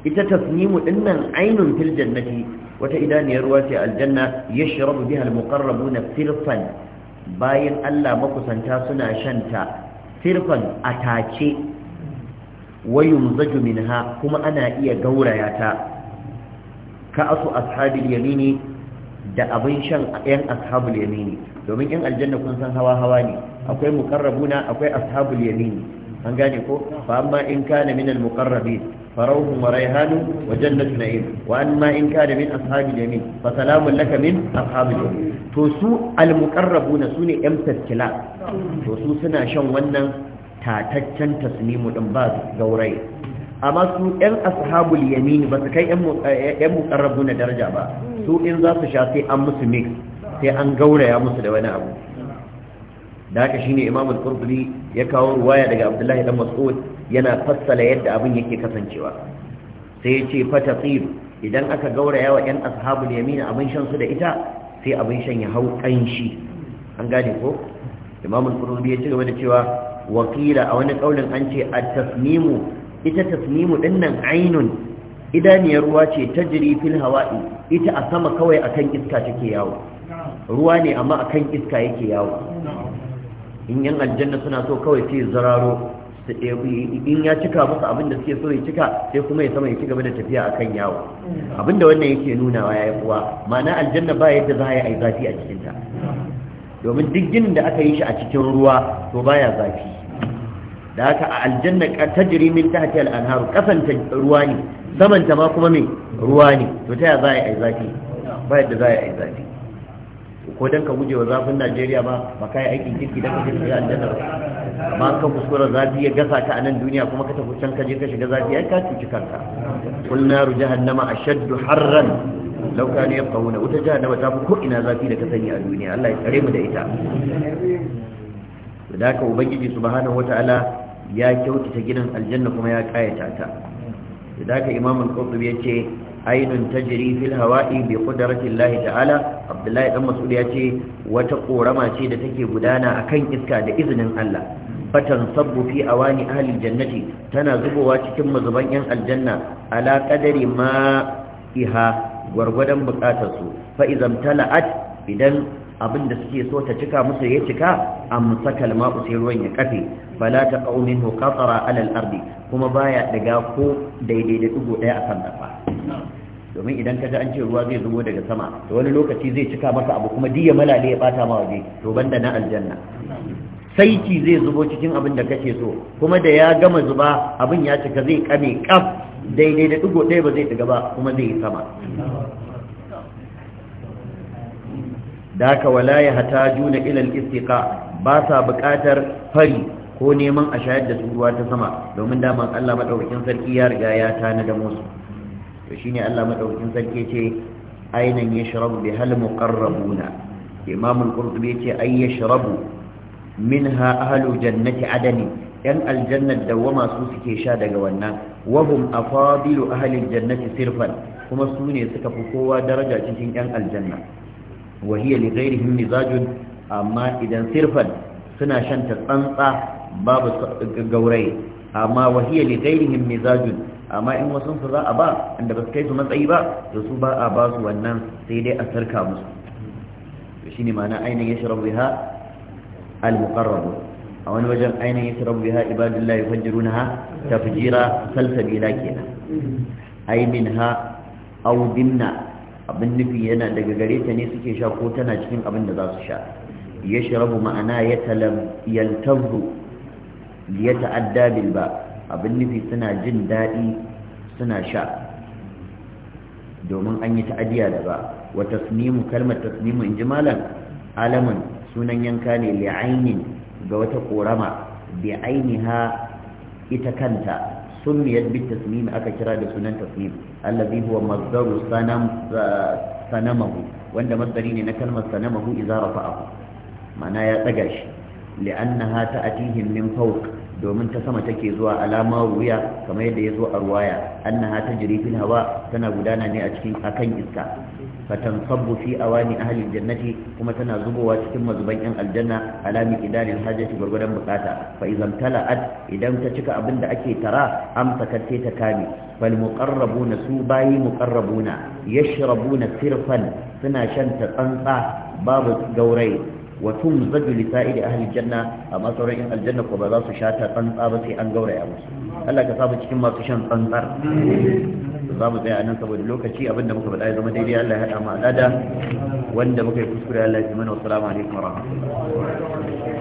ita tasmimu dinnan ainun fil jannati wata idaniyar ruwa ce aljanna yashrabu biha na firfan bayan Allah makusanta suna shanta sirfan atace wayum zaju minha kuma ana iya gauraya ta ka asu ashabil yamini da abin shan yan ashabul yamini domin yan aljanna kun san hawa hawa ne akwai muqarrabuna akwai ashabul yamini an gane ko fa amma in kana minal muqarrabin فروح وريحان وجنة نعيم وأما إن كان من أصحاب اليمين فسلام لك من أصحاب اليمين توسو المقربون سوني أمسك كلا توسو سنة شن ونن تاتتشن تسليم الأنباز دوري أما سو أن أصحاب اليمين بس كي أم مقربون درجة با سو إن ذات شاسي أم مسميك سي أن قولة يا مسلوانا أبو da haka shine Imam al-Qurtubi ya kawo ruwaya daga Abdullahi dan Mas'ud yana fassala yadda abin yake kasancewa sai ya ce fatasir idan aka gauraya wa 'yan ashabul yamin abin shan su da ita sai abin shan ya hau kanshi an gane ko Imam al-Qurtubi ya ci gaba da cewa wakila a wani kaulin an ce at-tasmimu ita tasmimu dinnan ainun idaniyar ruwa ce ta jiri fil hawa'i ita a sama kawai akan iska take yawo ruwa ne amma akan iska yake yawo in yan aljanna suna so kawai sai zararo in ya cika musu abin da suke so ya cika sai kuma ya sama ya ci gaba da tafiya a kan yawo abin da wannan yake nunawa ya kuwa ma'ana aljanna ba yadda za a yi zafi a cikinta domin duk ginin da aka yi shi a cikin ruwa to baya zafi da haka a aljanna ta jiri min ta hati al'anharu kasanta ruwa ne samanta ma kuma mai ruwa ne to ta ya za a yi zafi ba yadda za a yi zafi ko dan ka gujewa zafin Najeriya ba ba kai aikin kirki dan ka je aljanna ba ka kuskura zafi ya gasa ka a nan duniya kuma ka tafi can ka je ka shiga zafi ai ka cuci kanka kul naru jahannama ashaddu harran law kana yaqawuna wata jahannama ta fi ko ina zafi da ka sani a duniya Allah ya tsare mu da ita da haka ubangiji subhanahu wataala ya kyautata gidan aljanna kuma ya kayata ta da haka imamul qurtubi yace ainun tajri fil hawa'i bi qudratillahi ta'ala abdullahi dan masudi ya ce wata korama ce da take gudana akan iska da izinin Allah fatan sabbu fi awani ahli jannati tana zubowa cikin mazuban yan aljanna ala qadari ma iha gwargwadon bukatar su fa idan tala'at idan abin da suke so ta cika musu ya cika an sakal ma'u sai ruwan ya kafe fala ta qaumin hu qatara ala al-ardi kuma baya daga ko daidai da dugo daya akan dafa domin idan ka ji an ce ruwa zai zubo daga sama to wani lokaci zai cika masa abu kuma diya malale ya bata ma waje to banda na aljanna saiti zai zubo cikin abin da kake so kuma da ya gama zuba abin ya cika zai kame kaf daidai da dugo ɗaya ba zai diga ba kuma zai yi sama daka wala ya hata juna ilal istiqa ba sa buƙatar fari ko neman a shayar da su ruwa ta sama domin daman Allah madaukakin sarki ya riga ya tana da musu to shine Allah madaukakin sarki ce ainan yashrabu bihal muqarrabuna imam al-qurtubi yace ay yashrabu minha ahlu jannati adani yan aljanna dawama su suke sha daga wannan wahum afadilu ahli jannati sirfan kuma su ne suka fi kowa daraja cikin yan aljanna wa hiya li ghayrihim mizajun amma idan sirfan suna ta tsantsa babu gaurayi amma wa hiya li ghayrihim mizajun amma in wasu su za a ba inda ba su kai su matsayi ba da su ba a ba su wannan sai dai a sarka musu to ne ma'ana ainihin ya shirar biha al-muqarrabu a wani wajen ainihin ya shirar biha ibadullahi yufajjirunaha tafjira salsabila ke nan aimin ha dimna abin nufi yana daga gare ta ne suke sha ko tana cikin abin da za su sha ya shirabu ma'ana ya talam yantazu ya ta'adda bilba abin nufi suna jin daɗi suna sha domin an yi ta'adiya da ba wa tasnimu kalmar tasnimu in ji malam alamun sunan yanka ne li'ainin ga wata korama bi ainiha ita kanta sunniyat bi tasnim aka kira da sunan tasnim allazi huwa mazdaru sanam sanamahu wanda masdari ne na kalmar sanamahu idza rafa'ahu ma'ana ya tsaga shi li'annaha ta'atihim min fawq domin ta sama take zuwa alama wuya kamar yadda ya zo a ruwaya annaha tajri fil hawa tana gudana ne a cikin akan iska fatan sabbu fi awani ahli jannati kuma tana zubowa cikin mazuban yan aljanna alami idanil hajati gurgurdan bukata fa idan tala'at idan ta cika abin da ake tara amsakat sai ta kame fal muqarrabuna su bayi muqarrabuna yashrabuna sirfan suna shan ta tsantsa babu gaurai wa tumzaju li sa'iri ahli janna amma sauran in aljanna ko ba za su shata tsantsa ba sai an gauraya musu Allah ka samu cikin masu shan tsantsar za mu tsaya nan saboda lokaci abinda muka faɗa ya zama daidai Allah ya haɗa mu alada wanda muka yi kuskure Allah ya ji mana wasu alaikum wa rahmatullahi